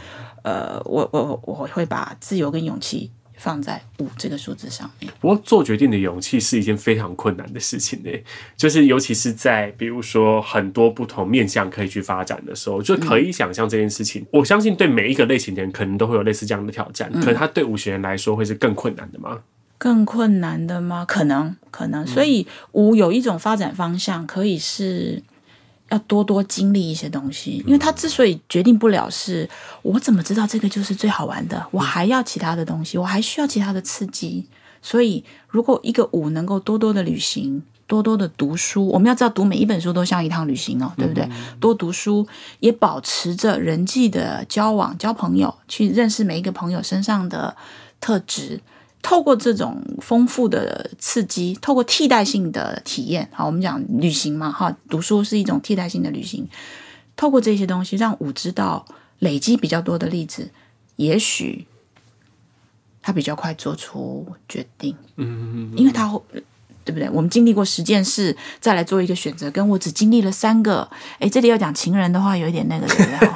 呃，我我我會把自由跟勇氣。放在五這個數字上面，不過做決定的勇氣是一件非常困難的事情誒，就是，尤其是在比如說很多不同面向可以去發展的時候，就可以想象這件事情，嗯。我相信對每一個類型的人可能都會有類似這樣的挑戰，嗯、可是他對五十人來說會是更困難的嗎？更困難的嗎？可能，可能。所以五有一種發展方向可以是。要多多經歷一些東西，因為他之所以決定不了是，是我怎麼知道這個就是最好玩的？我還要其他的東西，我還需要其他的刺激。所以，如果一個五能夠多多的旅行，多多的讀書，我們要知道，讀每一本書都像一趟旅行哦，對不對？Mm -hmm. 多讀書，也保持着人際的交往，交朋友，去認識每一個朋友身上的特質。透過這種豐富的刺激，透過替代性的體驗，我們講旅行嘛，哈，讀書是一種替代性的旅行。透過這些東西，讓我知道累積比較多的例子，也許他比較快做出決定。嗯嗯嗯。因為他會。對不對？我們經歷過十件事，再來做一個選擇。跟我只經歷了三個，誒，這裡要講情人的話，有一點那個，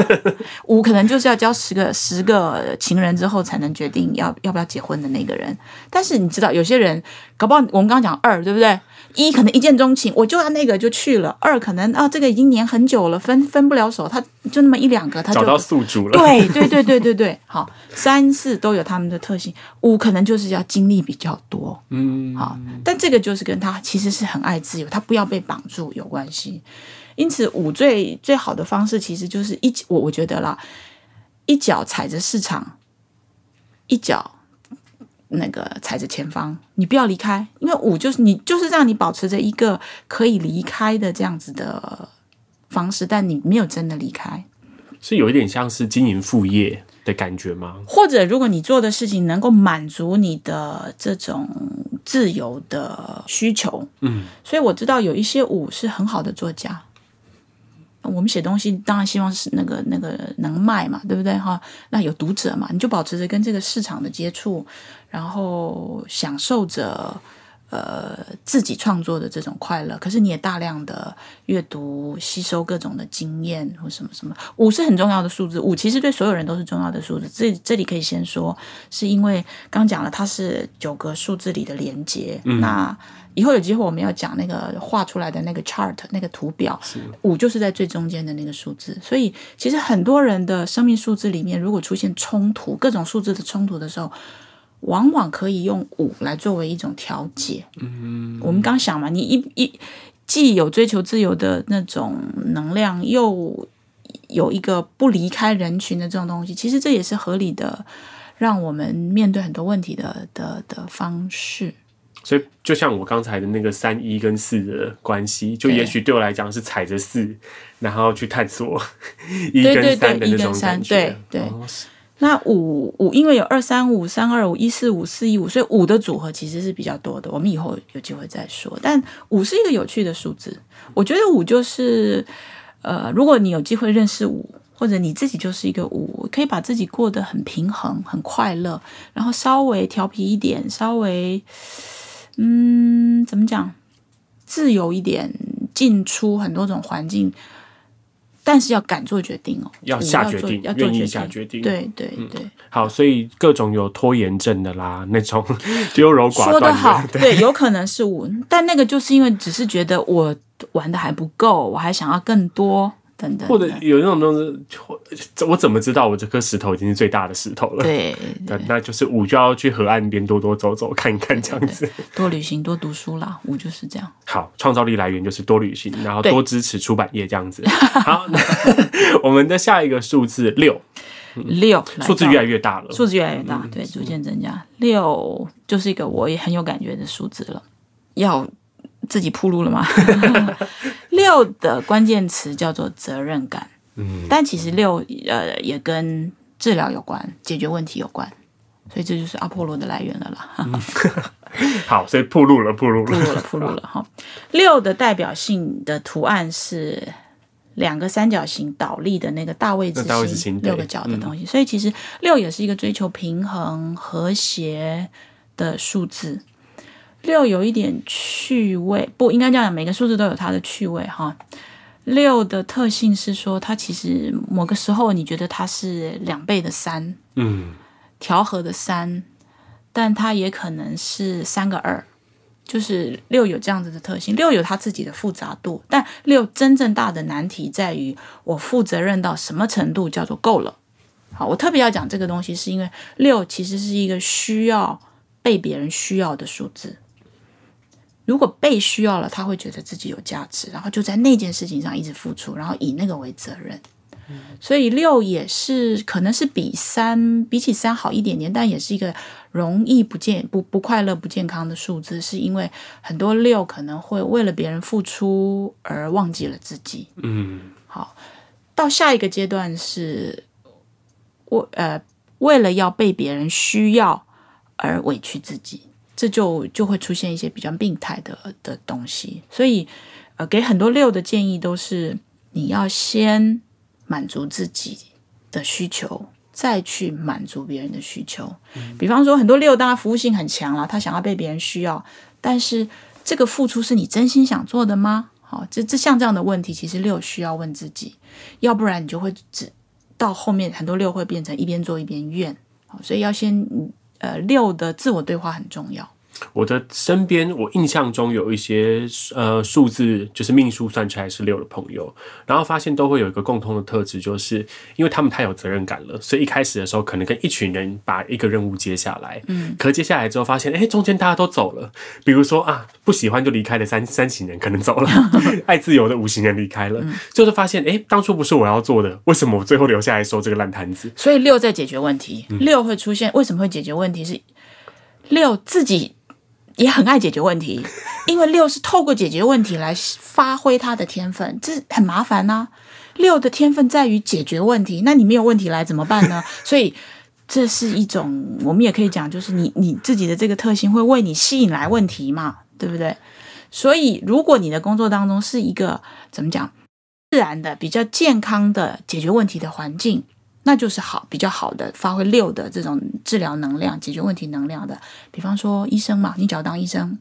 對不對？五 可能就是要交十個十個情人之後，才能決定要要不要結婚的那個人。但是你知道，有些人搞不好，我們剛剛講二，對不對？一可能一見鍾情，我就要那個就去了。二可能啊，這個已經黏很久了，分分不了手。他就那麼一兩個，他就找到宿主了。對對對對對對，好。 三四都有他們的特性。五可能就是要經歷比較多，嗯，好。但這個就是跟他其實是很愛自由，他不要被綁住有關係。因此五最最好的方式其實就是一，我我覺得啦，一腳踩着市場，一腳。那個踩着前方，你不要離開，因為五就是你，就是讓你保持着一個可以離開的這樣子的方式，但你沒有真的離開，是有一點像是經營副業的感覺嗎？或者如果你做的事情能夠滿足你的這種自由的需求，嗯，所以我知道有一些五是很好的作家。我們寫東西當然希望是那個那個能賣嘛，對不對哈？那有讀者嘛，你就保持着跟這個市場的接觸，然後享受着。呃，自己創作的這種快樂，可是你也大量的閱讀、吸收各種的經驗或什麼什麼，五是很重要的數字。五其實對所有人都是重要的數字。這這裡可以先說，是因為剛剛講了它是九個數字裡的連接，嗯。那以後有機會我們要講那個畫出來的那個 chart 那個圖表，五就是在最中間的那個數字。所以其實很多人的生命數字裡面，如果出現衝突，各種數字的衝突的時候，往往可以用五來作為一種調節。嗯，我們剛想嘛，你一一既有追求自由的那種能量，又有一個不離開人群的這種東西，其實這也是合理的，讓我們面對很多問題的的的方式。所以，就像我剛才的那個三一跟四的關係，就也許對我來講是踩着四，然後去探索一跟三的那種感覺。對，對對。那五五，因為有二三五、三二五、一四五、四一五，所以五的組合其實是比較多的。我們以後有機會再說。但五是一個有趣的數字，我覺得五就是，呃，如果你有機會認識五，或者你自己就是一個五，可以把自己過得很平衡、很快樂，然後稍微調皮一點，稍微，嗯，怎麼講，自由一點，進出很多種環境。但是要敢做決定哦，要下決定，要做，下決定，要做決定，下決定，對對對、嗯。好，所以各種有拖延症的啦，那種優柔寡斷。說得好，對，有可能是我， 但那個就是因為只是覺得我玩的還不夠，我還想要更多。或者有那種東西，對對對對對我怎麼知道我這顆石頭已經是最大的石頭了？對,對,對，那就是五就要去河岸邊多多走走看一看，這樣子對對對多旅行多讀書啦。五就是這樣。好，創造力來源就是多旅行，然後多支持出版業這樣子。好，那 我們的下一個數字六六，嗯，數字越來越大了，數字越來越大，嗯、對，逐漸增加。六就是一個我也很有感覺的數字了，要自己鋪路了嗎？ 六的關鍵詞叫做責任感，嗯，但其實六呃也跟治療有關，解決問題有關，所以這就是阿波羅的來源了啦。 嗯、好，所以鋪路了，鋪路了，鋪路了，鋪路了哈、 哦。六的代表性的圖案是兩個三角形倒立的那個大衛之星，六的大衛之星，六個角的東西，嗯，所以其實六也是一個追求平衡和諧的數字。六有一點趣味，不應該這樣講。每個數字都有它的趣味哈。六的特性是說，它其實某個時候你覺得它是兩倍的三，嗯，調和的三，但它也可能是三個二，就是六有這樣子的特性。六有它自己的複雜度，但六真正大的難題在於，我負責任到什麼程度叫做夠了。好，我特別要講這個東西，是因為六其實是一個需要被別人需要的數字。如果被需要了，他會覺得自己有價值，然後就在那件事情上一直付出，然後以那個為責任。嗯，所以六也是可能是比三比起三好一點點，但也是一個容易不健不不快樂不健康的數字，是因為很多六可能會為了別人付出而忘記了自己。嗯，好，到下一個階段是為呃為了要被別人需要而委屈自己。這就就會出現一些比較病態的的東西，所以呃，給很多六的建議都是你要先滿足自己的需求，再去滿足別人的需求。嗯、比方說，很多六，當然服務性很強啦，他想要被別人需要，但是這個付出是你真心想做的嗎？好、哦，這這像這樣的問題，其實六需要問自己，要不然你就會只到後面很多六會變成一邊做一邊怨。好、哦，所以要先。呃，六的自我對話很重要。我的身邊，我印象中有一些呃數字，就是命數算出來是六的朋友，然後發現都會有一個共通的特質，就是因為他們太有責任感了，所以一開始的時候可能跟一群人把一個任務接下來，嗯，可接下來之後發現，哎、欸，中間大家都走了，比如說啊不喜歡就離開的三三型人可能走了， 愛自由的五型人離開了，嗯、就是發現哎、欸，當初不是我要做的，為什麼我最後留下來收這個爛攤子？所以六在解決問題，六會出現、嗯、為什麼會解決問題是六自己。也很愛解決問題，因為六是透過解決問題來發揮他的天分，這很麻煩呢、啊。六的天分在於解決問題，那你沒有問題來怎麼辦呢？所以這是一種，我們也可以講，就是你你自己的這個特性會為你吸引來問題嘛，對不對？所以如果你的工作當中是一個怎麼講自然的、比較健康的解決問題的環境。那就是好比較好的發揮六的這種治療能量、解決問題能量的，比方說醫生嘛，你只要當醫生，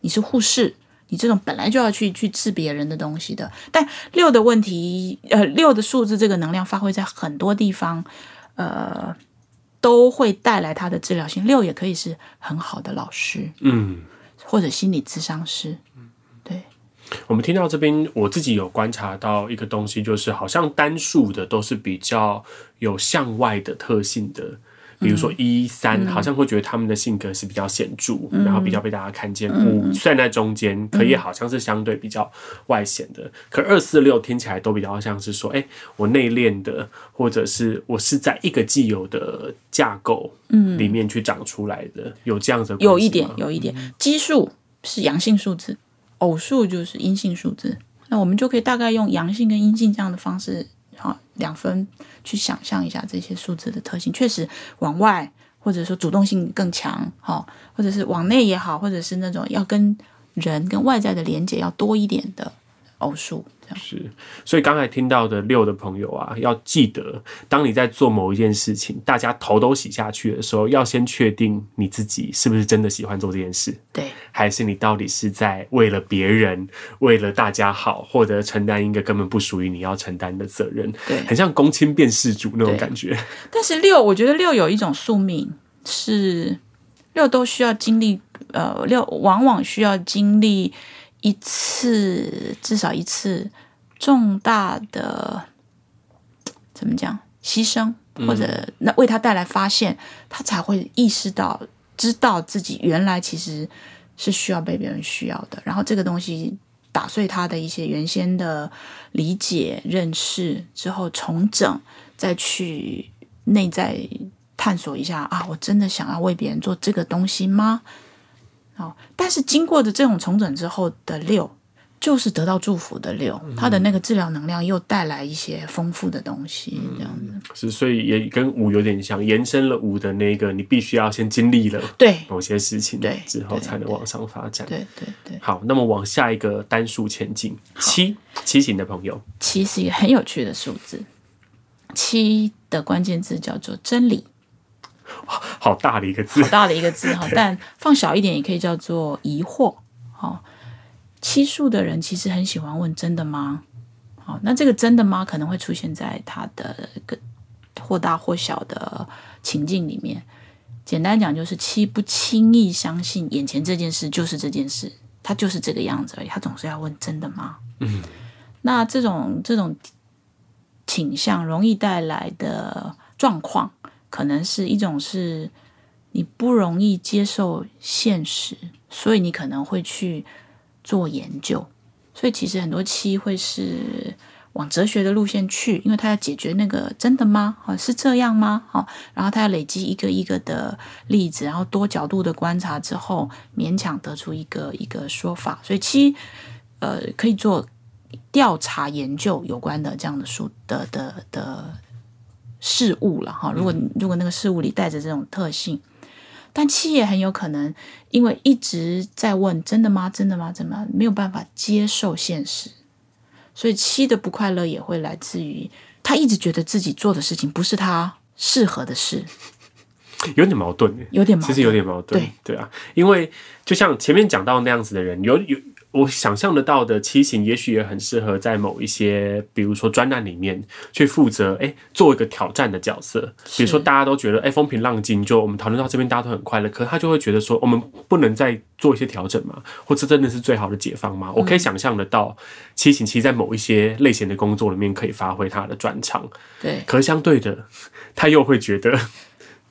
你是護士，你這種本來就要去去治別人的東西的，但六的問題，呃，六的數字這個能量發揮在很多地方，呃，都會帶來它的治療性。六也可以是很好的老師，嗯，或者心理諮商師。我們聽到這邊，我自己有觀察到一個東西，就是好像單數的都是比較有向外的特性的，比如說一三、嗯嗯，好像會覺得他們的性格是比較顯著、嗯，然後比較被大家看見。五、嗯嗯、雖然在中間、嗯，可也好像是相對比較外顯的，嗯、可二四六聽起來都比較像是說，哎、欸，我內斂的，或者是我是在一個既有的架構裡面去長出來的，嗯、有這樣子的有一點有一點奇數是陽性數字，偶數就是陰性數字，那我們就可以大概用陽性跟陰性這樣的方式，哈，兩分去想象一下這些數字的特性。確實往外，或者說主動性更強，哈，或者是往內也好，或者是那種要跟人、跟外在的連接要多一點的偶數。是，所以剛才聽到的六的朋友啊，要記得，當你在做某一件事情，大家頭都洗下去的時候，要先確定你自己是不是真的喜歡做這件事，對，還是你到底是在為了別人、為了大家好，或者承擔一個根本不屬於你要承擔的責任？對，很像公親變事主那種感覺。但是六，我覺得六有一種宿命，是六都需要經歷，呃，六往往需要經歷。一次，至少一次重大的，怎麼講犧牲，或者那為他帶來發現，嗯、他才會意識到，知道自己原來其實是需要被別人需要的。然後這個東西打碎他的一些原先的理解、認識之後，重整，再去內在探索一下啊，我真的想要為別人做這個東西嗎？好，但是經過的這種重整之後的六，就是得到祝福的六，它的那個治療能量又帶來一些豐富的東西，這樣子、嗯、是，所以也跟五有點像，延伸了五的那個，你必須要先經歷了對某些事情對之後才能往上發展，對對對，對，對，對，對，對。好，那麼往下一個單數前進，七七型的朋友，七是一個很有趣的數字，七的關鍵字叫做真理。哇，好大的一個字！好大的一個字哈， 但放小一點也可以叫做疑惑。哦。七數的人其實很喜歡問“真的嗎”？好、哦，那這個“真的嗎”可能會出現在他的個或大或小的情境裡面。簡單講，就是七不輕易相信眼前這件事就是這件事，他就是這個樣子而已。他總是要問“真的嗎”？嗯，那這種這種傾向容易帶來的狀況可能是一種是，你不容易接受現實，所以你可能會去做研究。所以其實很多期會是往哲學的路線去，因為他要解決那個真的嗎？哈，是這樣嗎？哈，然後他要累積一個一個的例子，然後多角度的觀察之後，勉強得出一個一個說法。所以七呃，可以做調查研究有關的這樣的書的的的，的的事物了哈，如果如果那個事物裡帶着這種特性、嗯，但七也很有可能，因為一直在問“真的嗎？真的嗎？怎麼？”沒有辦法接受現實，所以七的不快樂也會來自於他一直覺得自己做的事情不是他適合的事，有點矛盾，有點矛盾，其實有點矛盾，對對啊，因為就像前面講到那樣子的人，有有。我想象得到的七行，也許也很適合在某一些，比如說專案裡面去負責，哎、欸，做一個挑戰的角色。比如說大家都覺得，哎、欸，風平浪靜，就我們討論到這邊，大家都很快樂。可是他就會覺得說，我們不能再做一些調整嗎？或者真的是最好的解放嗎？我可以想象得到，七行其實在某一些類型的工作裡面可以發揮他的專長。對，可是相對的，他又會覺得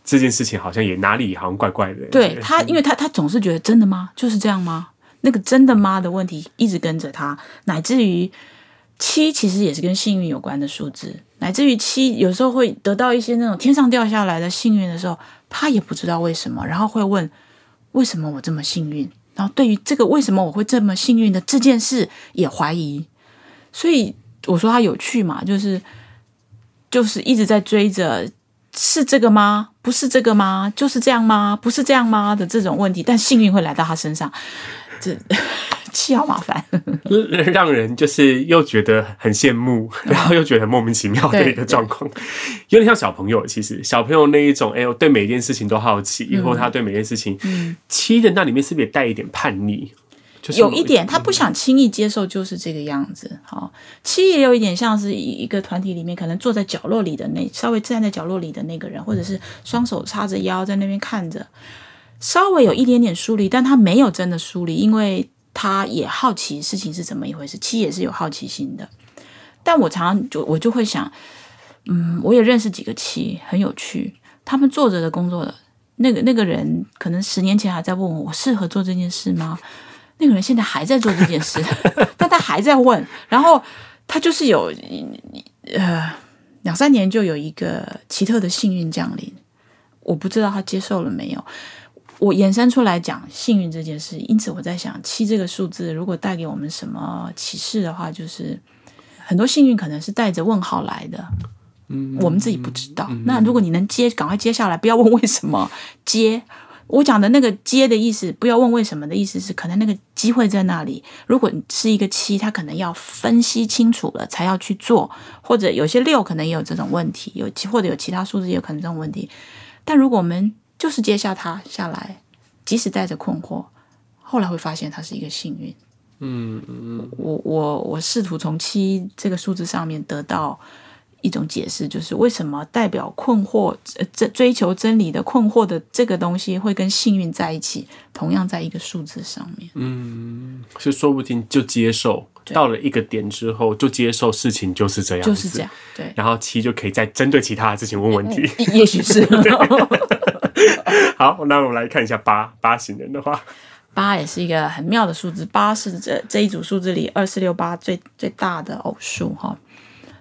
這件事情好像也哪裡好像怪怪的、欸。對他，因為他他總是覺得，真的嗎？就是這樣嗎？那個真的嗎的問題一直跟着他，乃至於七其實也是跟幸運有關的數字，乃至於七有時候會得到一些那種天上掉下來的幸運的時候，他也不知道為什麼，然後會問，為什麼我這麼幸運？然後對於這個為什麼我會這麼幸運的這件事也懷疑，所以我說他有趣嘛，就是就是一直在追着是這個嗎？不是這個嗎？就是這樣嗎？不是這樣嗎？的這種問題，但幸運會來到他身上。這七好麻煩， 讓人就是又覺得很羨慕，然後又覺得很莫名其妙的一個狀況，嗯，有點像小朋友。其實小朋友那一種，哎、欸、呦，我對每件事情都好奇，以後他對每件事情，嗯嗯，七的那裡面是不是也帶一點叛逆？就是，有一點，他不想輕易接受，就是這個樣子。好，嗯，七也有一點像是一個團體裡面，可能坐在角落裡的那稍微站在角落裡的那個人，或者是雙手叉着腰在那邊看着。嗯稍微有一點點疏離，但他沒有真的疏離，因為他也好奇事情是怎麼一回事。七也是有好奇心的，但我常常就我就會想，嗯，我也認識幾個七，很有趣。他們做着的工作的，那個那個人可能十年前還在問我，我適合做這件事嗎？那個人現在還在做這件事， 但他還在問。然後他就是有呃，兩三年就有一個奇特的幸運降臨，我不知道他接受了沒有。我延伸出來講幸運這件事，因此我在想七這個數字如果帶給我們什麼啟示的話，就是很多幸運可能是帶着問號來的，嗯，我們自己不知道。嗯、那如果你能接，趕快接下來，不要問為什麼接。我講的那個接的意思，不要問為什麼的意思是，可能那個機會在那裡。如果你是一個七，它可能要分析清楚了才要去做，或者有些六可能也有這種問題，有其或者有其他數字也有可能這種問題。但如果我們就是接下他下來，即使帶着困惑，後來會發現他是一個幸運。嗯，嗯。我我我試圖從七這個數字上面得到。一種解釋就是為什麼代表困惑、呃、追追求真理的困惑的這個東西會跟幸運在一起，同樣在一個數字上面。嗯，是說不定就接受到了一個點之後，就接受事情就是這樣，就是這樣。對，然後七就可以再針對其他的事情問問題。嗯、也許是 。好，那我們來看一下八八型人的話。八也是一個很妙的數字，八是這這一組數字裡二四六八最最大的偶數哈。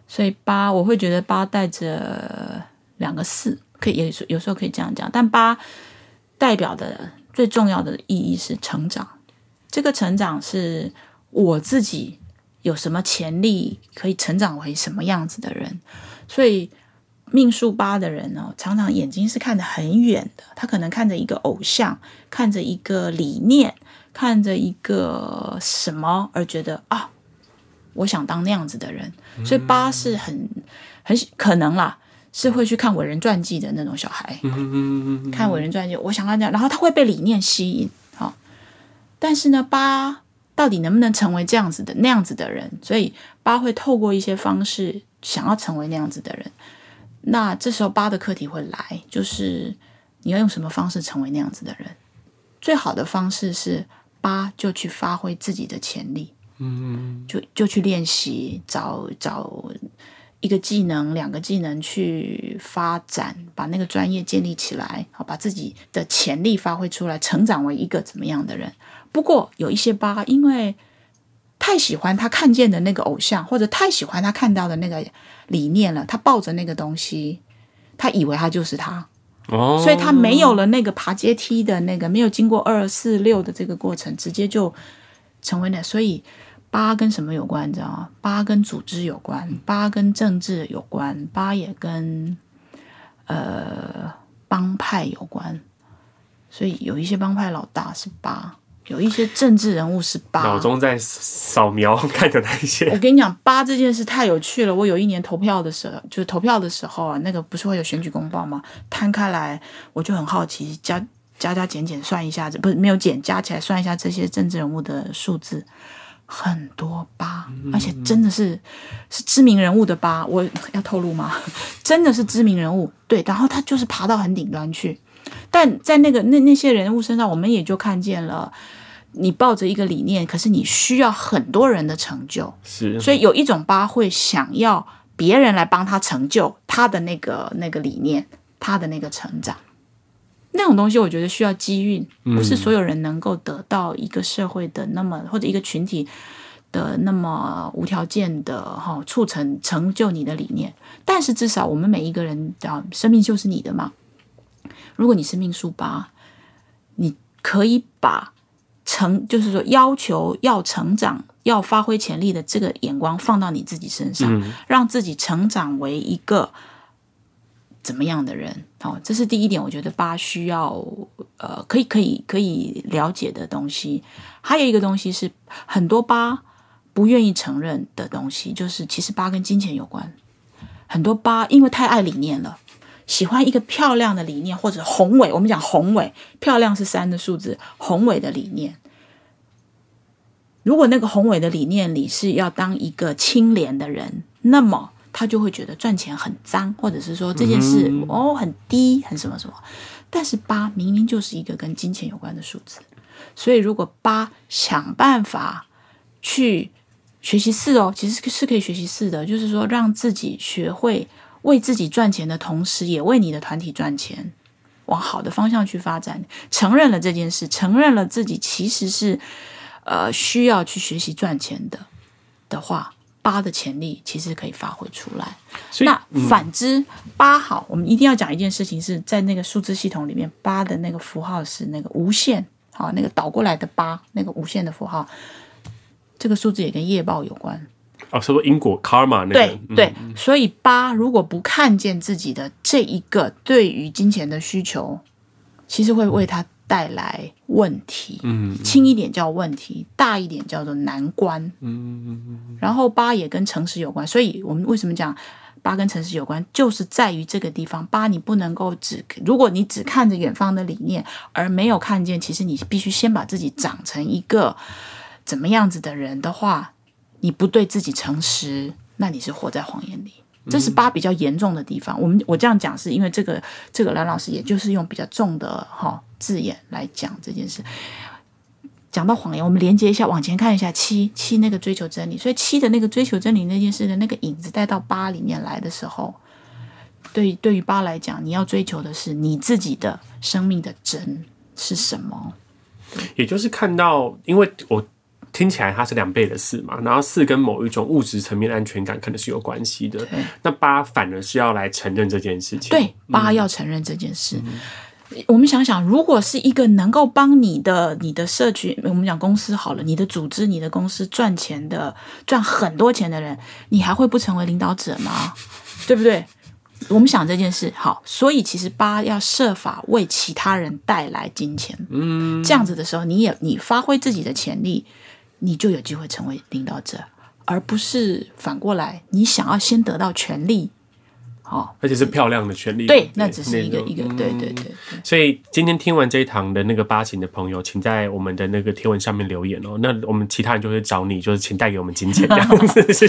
所以八，我會覺得八帶着兩個四，可以，有時候可以這樣講。但八代表的最重要的意義是成長，這個成長是我自己有什麼潛力可以成長為什麼樣子的人。所以命數八的人呢、哦，常常眼睛是看得很遠的，他可能看着一個偶像，看着一個理念，看着一個什麼而覺得啊。我想當那樣子的人，所以八是很很可能啦，是會去看偉人傳記的那種小孩，哦、看偉人傳記。我想要這樣，然後他會被理念吸引，好、哦。但是呢，八到底能不能成為這樣子的那樣子的人？所以八會透過一些方式想要成為那樣子的人。那這時候八的課題會來，就是你要用什麼方式成為那樣子的人？最好的方式是八就去發揮自己的潛力。嗯嗯，就就去練習，找找一個技能，兩個技能去發展，把那個專業建立起來，好，把自己的潛力發揮出來，成長為一個怎麼樣的人？不過有一些吧，因為太喜歡他看見的那個偶像，或者太喜歡他看到的那個理念了，他抱着那個東西，他以為他就是他，哦、oh.，所以他沒有了那個爬階梯的那個，沒有經過二四六的這個過程，直接就成為了，所以。八跟什麼有關？你知道嗎？八跟組織有關，八跟政治有關，八也跟呃幫派有關。所以有一些幫派老大是八，有一些政治人物是八。腦中在掃描，看着那些。我跟你講，八這件事太有趣了。我有一年投票的時候，就是投票的時候啊，那個不是會有選舉公報嗎？攤開來，我就很好奇，加加加減減算一下子，不是沒有減，加起來算一下這些政治人物的數字。很多吧，而且真的是是知名人物的吧，我要透露嗎？真的是知名人物，對。然後他就是爬到很頂端去，但在那個那那些人物身上，我們也就看見了，你抱着一個理念，可是你需要很多人的成就，是啊。所以有一種八會想要別人來幫他成就他的那個那個理念，他的那個成長。那種東西，我覺得需要機遇，不是所有人能夠得到一個社會的那麼或者一個群體的那麼無條件的哈，促成成就你的理念。但是至少我們每一個人的生命就是你的嘛。如果你生命數八，你可以把成就是說要求要成長要發揮潛力的這個眼光放到你自己身上，讓自己成長為一個。怎麼樣的人？好、哦，這是第一點，我覺得八需要呃，可以可以可以了解的東西。還有一個東西是很多八不願意承認的東西，就是其實八跟金錢有關。很多八因為太愛理念了，喜歡一個漂亮的理念或者宏偉。我們講宏偉，漂亮是三的數字，宏偉的理念。如果那個宏偉的理念裡是要當一個清廉的人，那麼。他就會覺得賺錢很髒，或者是說這件事、嗯、哦很低很什麼什麼。但是八明明就是一個跟金錢有關的數字，所以如果八想辦法去學習四哦，其實是可以學習四的，就是說，讓自己學會為自己賺錢的同時，也為你的團體賺錢，往好的方向去發展。承認了這件事，承認了自己其實是呃需要去學習賺錢的的話，八的潛力其實可以發揮出來。那反之，八、嗯、好，我們一定要講一件事情是，是在那個數字系統裡面，八的那個符號是那個無限，好、哦，那個倒過來的八，那個無限的符號。這個數字也跟業報有關啊，他、哦、說到英國 Karma 那個。對、嗯、對，所以八如果不看見自己的這一個對於金錢的需求，其實會為他、嗯。帶來問題，輕一點叫問題，大一點叫做難關，然後八也跟誠實有關，所以我們為什麼講八跟誠實有關，就是在於這個地方，八你不能夠只，如果你只看着遠方的理念，而沒有看見，其實你必須先把自己長成一個怎麼樣子的人的話，你不對自己誠實，那你是活在謊言裡。這是八比較嚴重的地方。我們我這樣講是因為這個這個蘭老師也就是用比較重的哈字眼來講這件事。講到謊言，我們連接一下，往前看一下七七那個追求真理，所以七的那個追求真理那件事的那個影子帶到八裡面來的時候，對對於八來講，你要追求的是你自己的生命的真是什麼？也就是看到，因為我。聽起來它是兩倍的四嘛，然後四跟某一種物質層面的安全感可能是有關係的。那八反而是要來承認這件事情，對，八要承認這件事。嗯。我們想想，如果是一個能夠幫你的、你的社群，我們講公司好了，你的組織、你的公司賺錢的、賺很多錢的人，你還會不成為領導者嗎？對不對？我們想這件事，好，所以其實八要設法為其他人帶來金錢。嗯，這樣子的時候你，你也你發揮自己的潛力。你就有機會成為領導者，而不是反過來。你想要先得到權力，哦，而且是漂亮的權利。對，對，那只是一個一個，對對對，對。所以今天聽完這一堂的那個八型的朋友，請在我們的那個貼文下面留言哦。那我們其他人就會找你，就是請帶給我們金錢這樣子。謝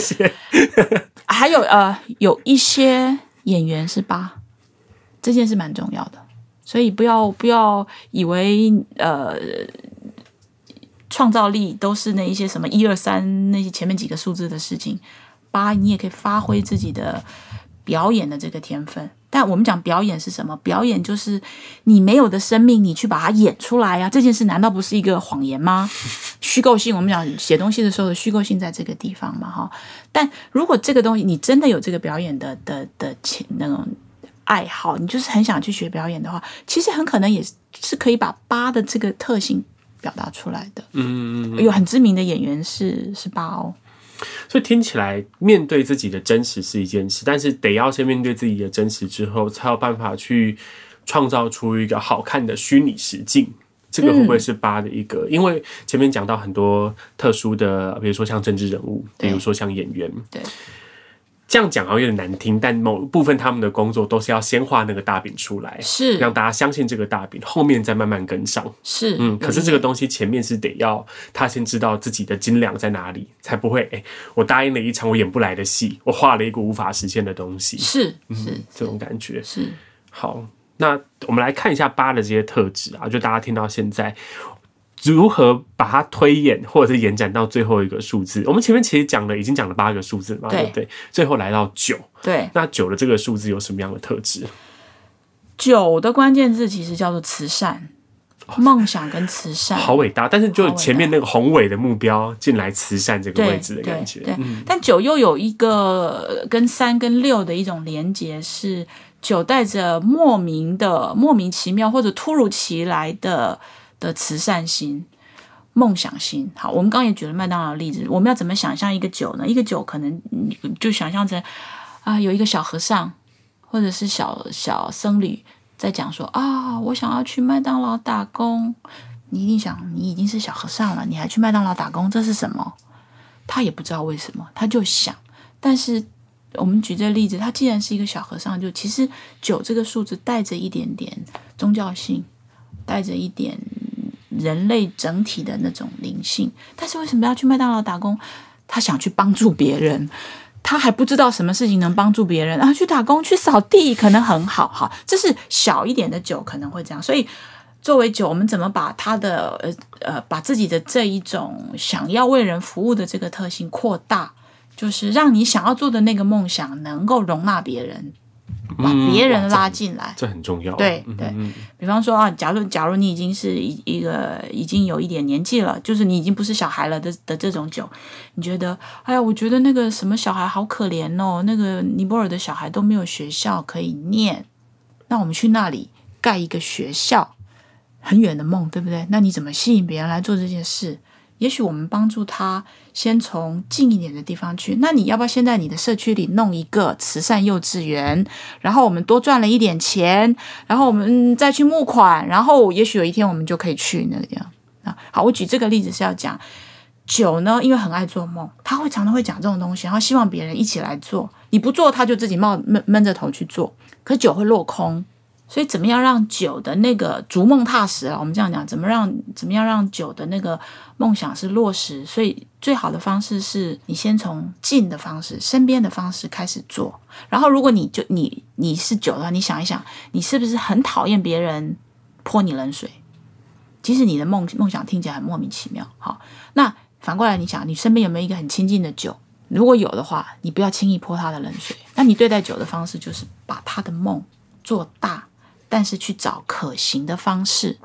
謝。還有呃，有一些演員是八，這件事蠻重要的，所以不要不要以為呃。創造力都是那一些什麼一二三那些前面幾個數字的事情，八你也可以發揮自己的表演的這個天分。但我們講表演是什麼？表演就是你沒有的生命，你去把它演出來啊。這件事難道不是一個謊言嗎？虛構性，我們講寫東西的時候的虛構性在這個地方嘛，哈。但如果這個東西你真的有這個表演的的的前那種愛好，你就是很想去學表演的話，其實很可能也是可以把八的這個特性。表達出來的，嗯，有很知名的演員是是八哦，所以聽起來面對自己的真實是一件事，但是得要先面對自己的真實之後，才有辦法去創造出一個好看的虛擬實境，這個會不會是八的一個，嗯？因為前面講到很多特殊的，比如說像政治人物，比如說像演員，對。這樣講好像有點難聽，但某部分他們的工作都是要先畫那個大餅出來，是讓大家相信這個大餅，後面再慢慢跟上，是嗯。可是這個東西前面是得要他先知道自己的斤兩在哪裡，才不會哎、欸，我答應了一場我演不來的戲，我畫了一個無法實現的東西，是嗯是，這種感覺。是好，那我們來看一下八的這些特質啊，就大家聽到現在。如何把它推演，或者是延展到最後一個數字？我們前面其實講了，已經講了八個數字對，對不對？最後來到九，對。那九的這個數字有什麼樣的特質？九的關鍵字其實叫做慈善、oh, 夢想跟慈善，好偉大。但是就前面那個宏偉的目標進來慈善這個位置的感覺，對對對嗯、對但九又有一個跟三跟六的一種連接，是九帶着莫名的、莫名其妙或者突如其來的。的慈善心、夢想心，好，我們剛也舉了麥當勞的例子。我們要怎麼想象一個九呢？一個九可能你就想象成啊、呃，有一個小和尚或者是小小僧侶在講說啊，我想要去麥當勞打工。你一定想，你已經是小和尚了，你還去麥當勞打工，這是什麼？他也不知道為什麼，他就想。但是我們舉這例子，他既然是一個小和尚，就其實九這個數字帶着一點點宗教性，帶着一點。人類整體的那種靈性，但是為什麼要去麥當勞打工？他想去幫助別人，他還不知道什麼事情能幫助別人啊！去打工去掃地可能很好哈，這是小一點的九可能會這樣。所以作為九，我們怎麼把他的呃呃把自己的這一種想要為人服務的這個特性擴大，就是讓你想要做的那個夢想能夠容納別人。把別人拉進來，嗯、這很、這很重要。對對，比方說啊，假如假如你已經是一一個已經有一點年紀了，就是你已經不是小孩了的的這種酒，你覺得，哎呀，我覺得那個什麼小孩好可憐哦，那個尼泊爾的小孩都沒有學校可以念，那我們去那裡蓋一個學校，很遠的夢，對不對？那你怎麼吸引別人來做這件事？也許我們幫助他先從近一點的地方去。那你要不要先在你的社區裡弄一個慈善幼稚園？然後我們多賺了一點錢，然後我們、嗯、再去募款，然後也許有一天我們就可以去那裡了啊。好，我舉這個例子是要講九呢，因為很愛做夢，他會常常會講這種東西，然後希望別人一起來做。你不做，他就自己冒悶悶着頭去做，可是九會落空。所以，怎麼樣讓九的那個逐夢踏實啊？我們這樣講，怎麼讓怎麼樣讓九的那個夢想是落實？所以，最好的方式是你先從近的方式、身邊的方式開始做。然後，如果你就你你是九的話，你想一想，你是不是很討厭別人潑你冷水？即使你的夢夢想聽起來很莫名其妙，好，那反過來你想，你身邊有沒有一個很親近的九？如果有的話，你不要輕易潑他的冷水。那你對待九的方式就是把他的夢做大。但是去找可行的方式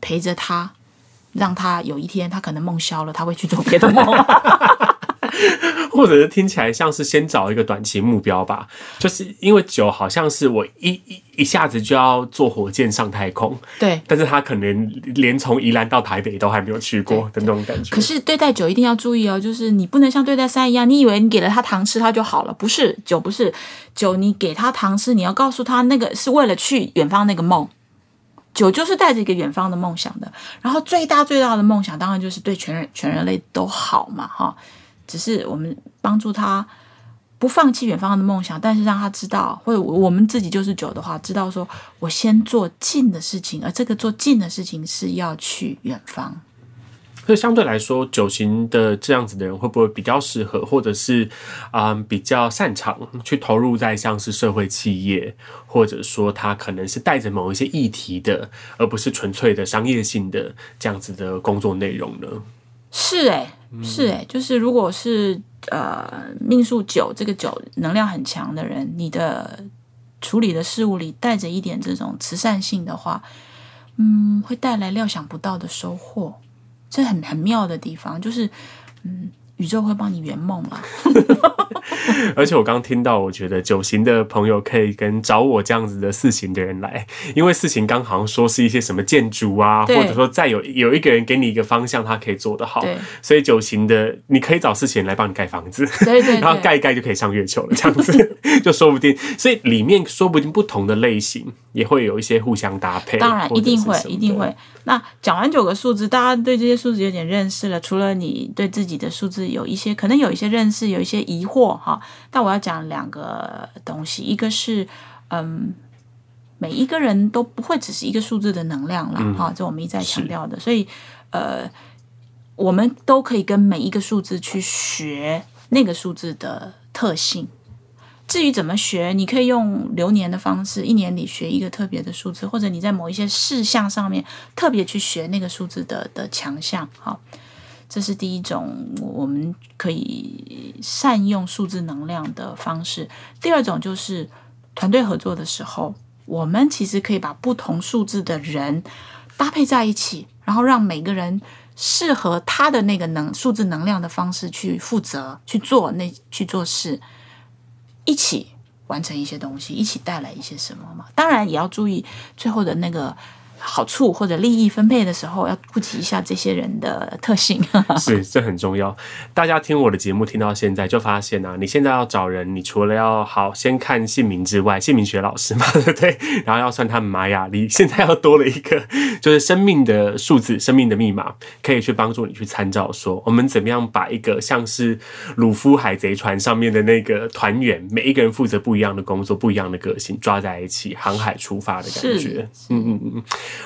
陪着他，讓他有一天他可能夢消了，他會去做別的夢。 或者是聽起來像是先找一個短期目標吧，就是因為九好像是我一一一下子就要坐火箭上太空，對，但是他可能連從宜蘭到台北都還沒有去過的那種感覺。可是對待九一定要注意哦，就是你不能像對待三一樣，你以為你給了他糖吃他就好了，不是九，不是九，你給他糖吃，你要告訴他那個是為了去遠方那個夢，九就是帶着一個遠方的夢想的，然後最大最大的夢想當然就是對全人全人類都好嘛，哈。只是我們幫助他不放棄遠方的夢想，但是讓他知道，或者我們自己就是九的話，知道說我先做近的事情，而這個做近的事情是要去遠方。所以相對來說，九型的這樣子的人會不會比較適合，或者是啊、嗯、比較擅長去投入在像是社會企業，或者說他可能是帶着某一些議題的，而不是純粹的商業性的這樣子的工作內容呢？是哎、欸。是誒、欸，就是如果是呃，命數九這個九能量很強的人，你的處理的事物裡帶着一點這種慈善性的話，嗯，會帶來料想不到的收穫。這很很妙的地方就是，嗯，宇宙會幫你圓夢了。 而且我剛聽到，我覺得 九型的朋友可以跟找我這樣子的四型的人來，因為四型剛好像說是一些什麼建築啊，或者說再有有一個人給你一個方向，他可以做得好。對。所以九型的你可以找四型來幫你蓋房子，對，對對。然後蓋一蓋就可以上月球了，這樣子對對對 就說不定。所以裡面說不定不同的類型也會有一些互相搭配， 當然一定會一定會。那講完九個數字，大家對這些數字有點認識了。除了你對自己的數字有一些可能有一些認識，有一些疑惑。哈，但我要講兩個東西，一個是，嗯，每一個人都不會只是一個數字的能量了，哈、嗯，這我們一再強調的，所以，呃，我們都可以跟每一個數字去學那個數字的特性。至於怎麼學，你可以用流年的方式，一年裡學一個特別的數字，或者你在某一些事項上面特別去學那個數字的的強項，哈。這是第一種我們可以善用數字能量的方式。第二種就是團隊合作的時候，我們其實可以把不同數字的人搭配在一起，然後讓每個人適合他的那個能數字能量的方式去負責去做，那去做事，一起完成一些東西，一起帶來一些什麼嘛。當然也要注意最後的那個。好處或者利益分配的時候，要顧及一下這些人的特性。 是，這很重要。大家聽我的節目聽到現在，就發現啊，你現在要找人，你除了要好先看姓名之外，姓名學老師嘛，對不對？然後要算他們瑪雅曆，你現在要多了一個，就是生命的數字、生命的密碼，可以去幫助你去參照，說我們怎麼樣把一個像是魯夫海賊船上面的那個團員，每一個人負責不一樣的工作、不一樣的個性，抓在一起航海出發的感覺。嗯嗯嗯。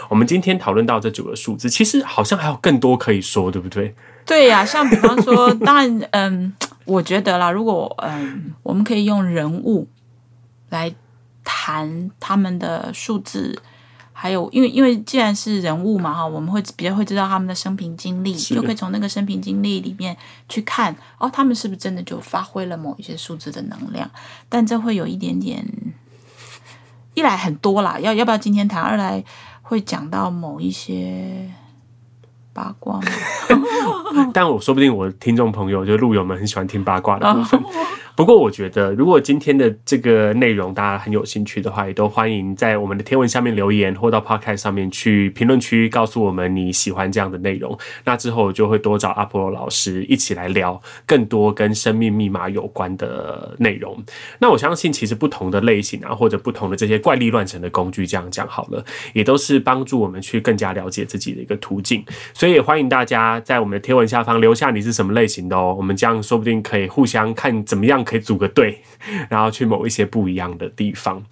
我們今天討論到這九個數字，其實好像還有更多可以說，對不對？對呀，像比方說， 當然，嗯，我覺得啦，如果嗯，我們可以用人物來談他們的數字，還有因為因為既然是人物嘛，哈，我們會比較會知道他們的生平經歷，就可以從那個生平經歷裡面去看哦，他們是不是真的就發揮了某一些數字的能量？但這會有一點點，一來很多啦，要要不要今天談？二來。會講到某一些八卦嗎？ 但我說不定我聽眾朋友，就路友們很喜歡聽八卦的部分。 不過我覺得，如果今天的這個內容大家很有興趣的話，也都歡迎在我們的貼文下面留言，或到 Podcast 上面去評論區告訴我們你喜歡這樣的內容。那之後我就會多找阿波羅老師一起來聊更多跟生命密碼有關的內容。那我相信，其實不同的類型啊，或者不同的這些怪力亂神的工具，這樣講好了，也都是幫助我們去更加了解自己的一個途徑。所以也歡迎大家在我們的貼文下方留下你是什麼類型的哦，我們這樣說不定可以互相看怎麼樣。可以組個隊，然後去某一些不一樣的地方。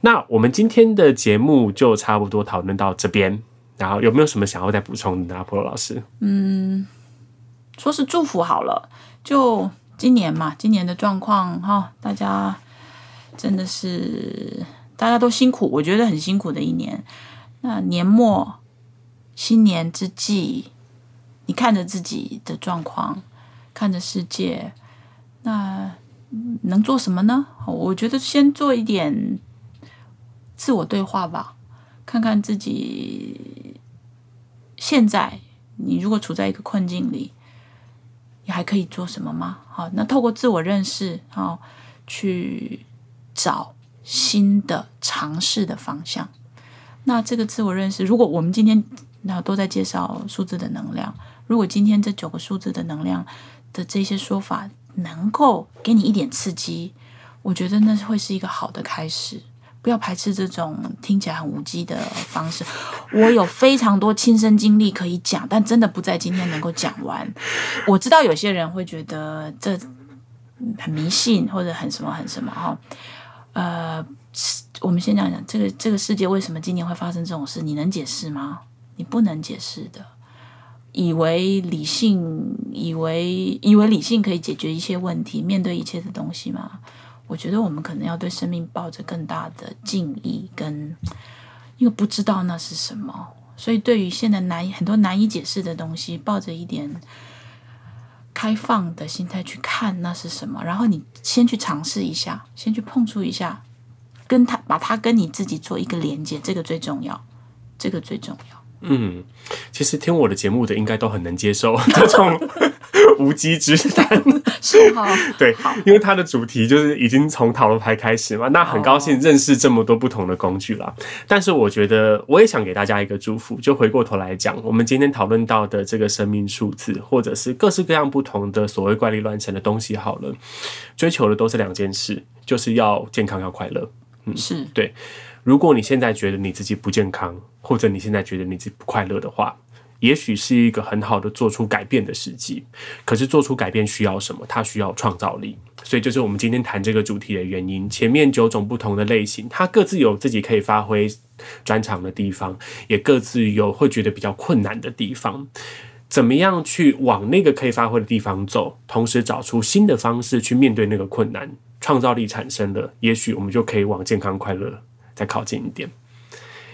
那我們今天的節目就差不多討論到這邊。然後有沒有什麼想要再補充的？阿波羅老師，嗯，說是祝福好了。就今年嘛，今年的狀況哈，大家真的是大家都辛苦，我覺得很辛苦的一年。那年末新年之際，你看着自己的狀況，看着世界，那。能做什麼呢？好，我覺得先做一點自我對話吧，看看自己現在，你如果處在一個困境裡，你還可以做什麼嗎？好，那透過自我認識，好去找新的嘗試的方向。那這個自我認識，如果我們今天那都在介紹數字的能量，如果今天這九個數字的能量的這些說法。能夠給你一點刺激，我覺得那是會是一個好的開始。不要排斥這種聽起來很無稽的方式。我有非常多親身經歷可以講，但真的不在今天能夠講完。我知道有些人會覺得這很迷信，或者很什麼、很什麼哈、哦。呃，我們先講講這個這個世界為什麼今年會發生這種事，你能解釋嗎？你不能解釋的。以為理性，以為以為理性可以解決一些問題，面對一切的東西嘛？我覺得我們可能要對生命抱着更大的敬意跟，跟因為不知道那是什麼，所以對於現在難很多難以解釋的東西，抱着一點開放的心態去看那是什麼，然後你先去嘗試一下，先去碰觸一下，跟他把他跟你自己做一個連接，這個最重要，這個最重要。嗯，其實聽我的節目的應該都很能接受這種 無稽之談，是嗎？對，因為它的主題就是已經從塔羅牌開始嘛。那很高興認識這麼多不同的工具啦。Oh. 但是我覺得我也想給大家一個祝福，就回過頭來講，我們今天討論到的這個生命數字，或者是各式各樣不同的所謂怪力亂神的東西，好了，追求的都是兩件事，就是要健康，要快樂。嗯，是對。如果你現在覺得你自己不健康，或者你現在覺得你自己不快樂的話，也許是一個很好的做出改變的時機。可是做出改變需要什麼？它需要創造力。所以就是我們今天談這個主題的原因。前面九種不同的類型，它各自有自己可以發揮專長的地方，也各自有會覺得比較困難的地方。怎麼樣去往那個可以發揮的地方走？同時找出新的方式去面對那個困難，創造力產生了，也許我們就可以往健康快樂再靠近一點。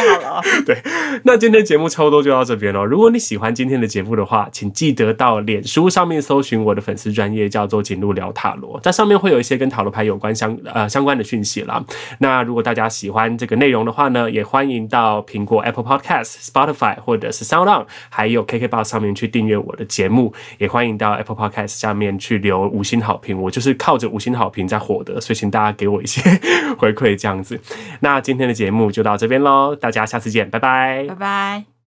好了，對，那今天節目差不多就到這邊了。如果你喜歡今天的節目的話，請記得到臉書上面搜尋我的粉絲專頁，叫做“錦路聊塔羅”，在上面會有一些跟塔羅牌有關相呃相關的訊息啦。那如果大家喜歡這個內容的話呢，也歡迎到蘋果 Apple Podcast、Spotify 或者是 Sound On，還有 KKBox 上面去訂閱我的節目。也歡迎到 Apple Podcast 下面去留五星好評，我就是靠着五星好評在獲得，所以請大家給我一些回饋這樣子。那今天的節目就到這邊嘍。大家下次見，拜拜，拜拜。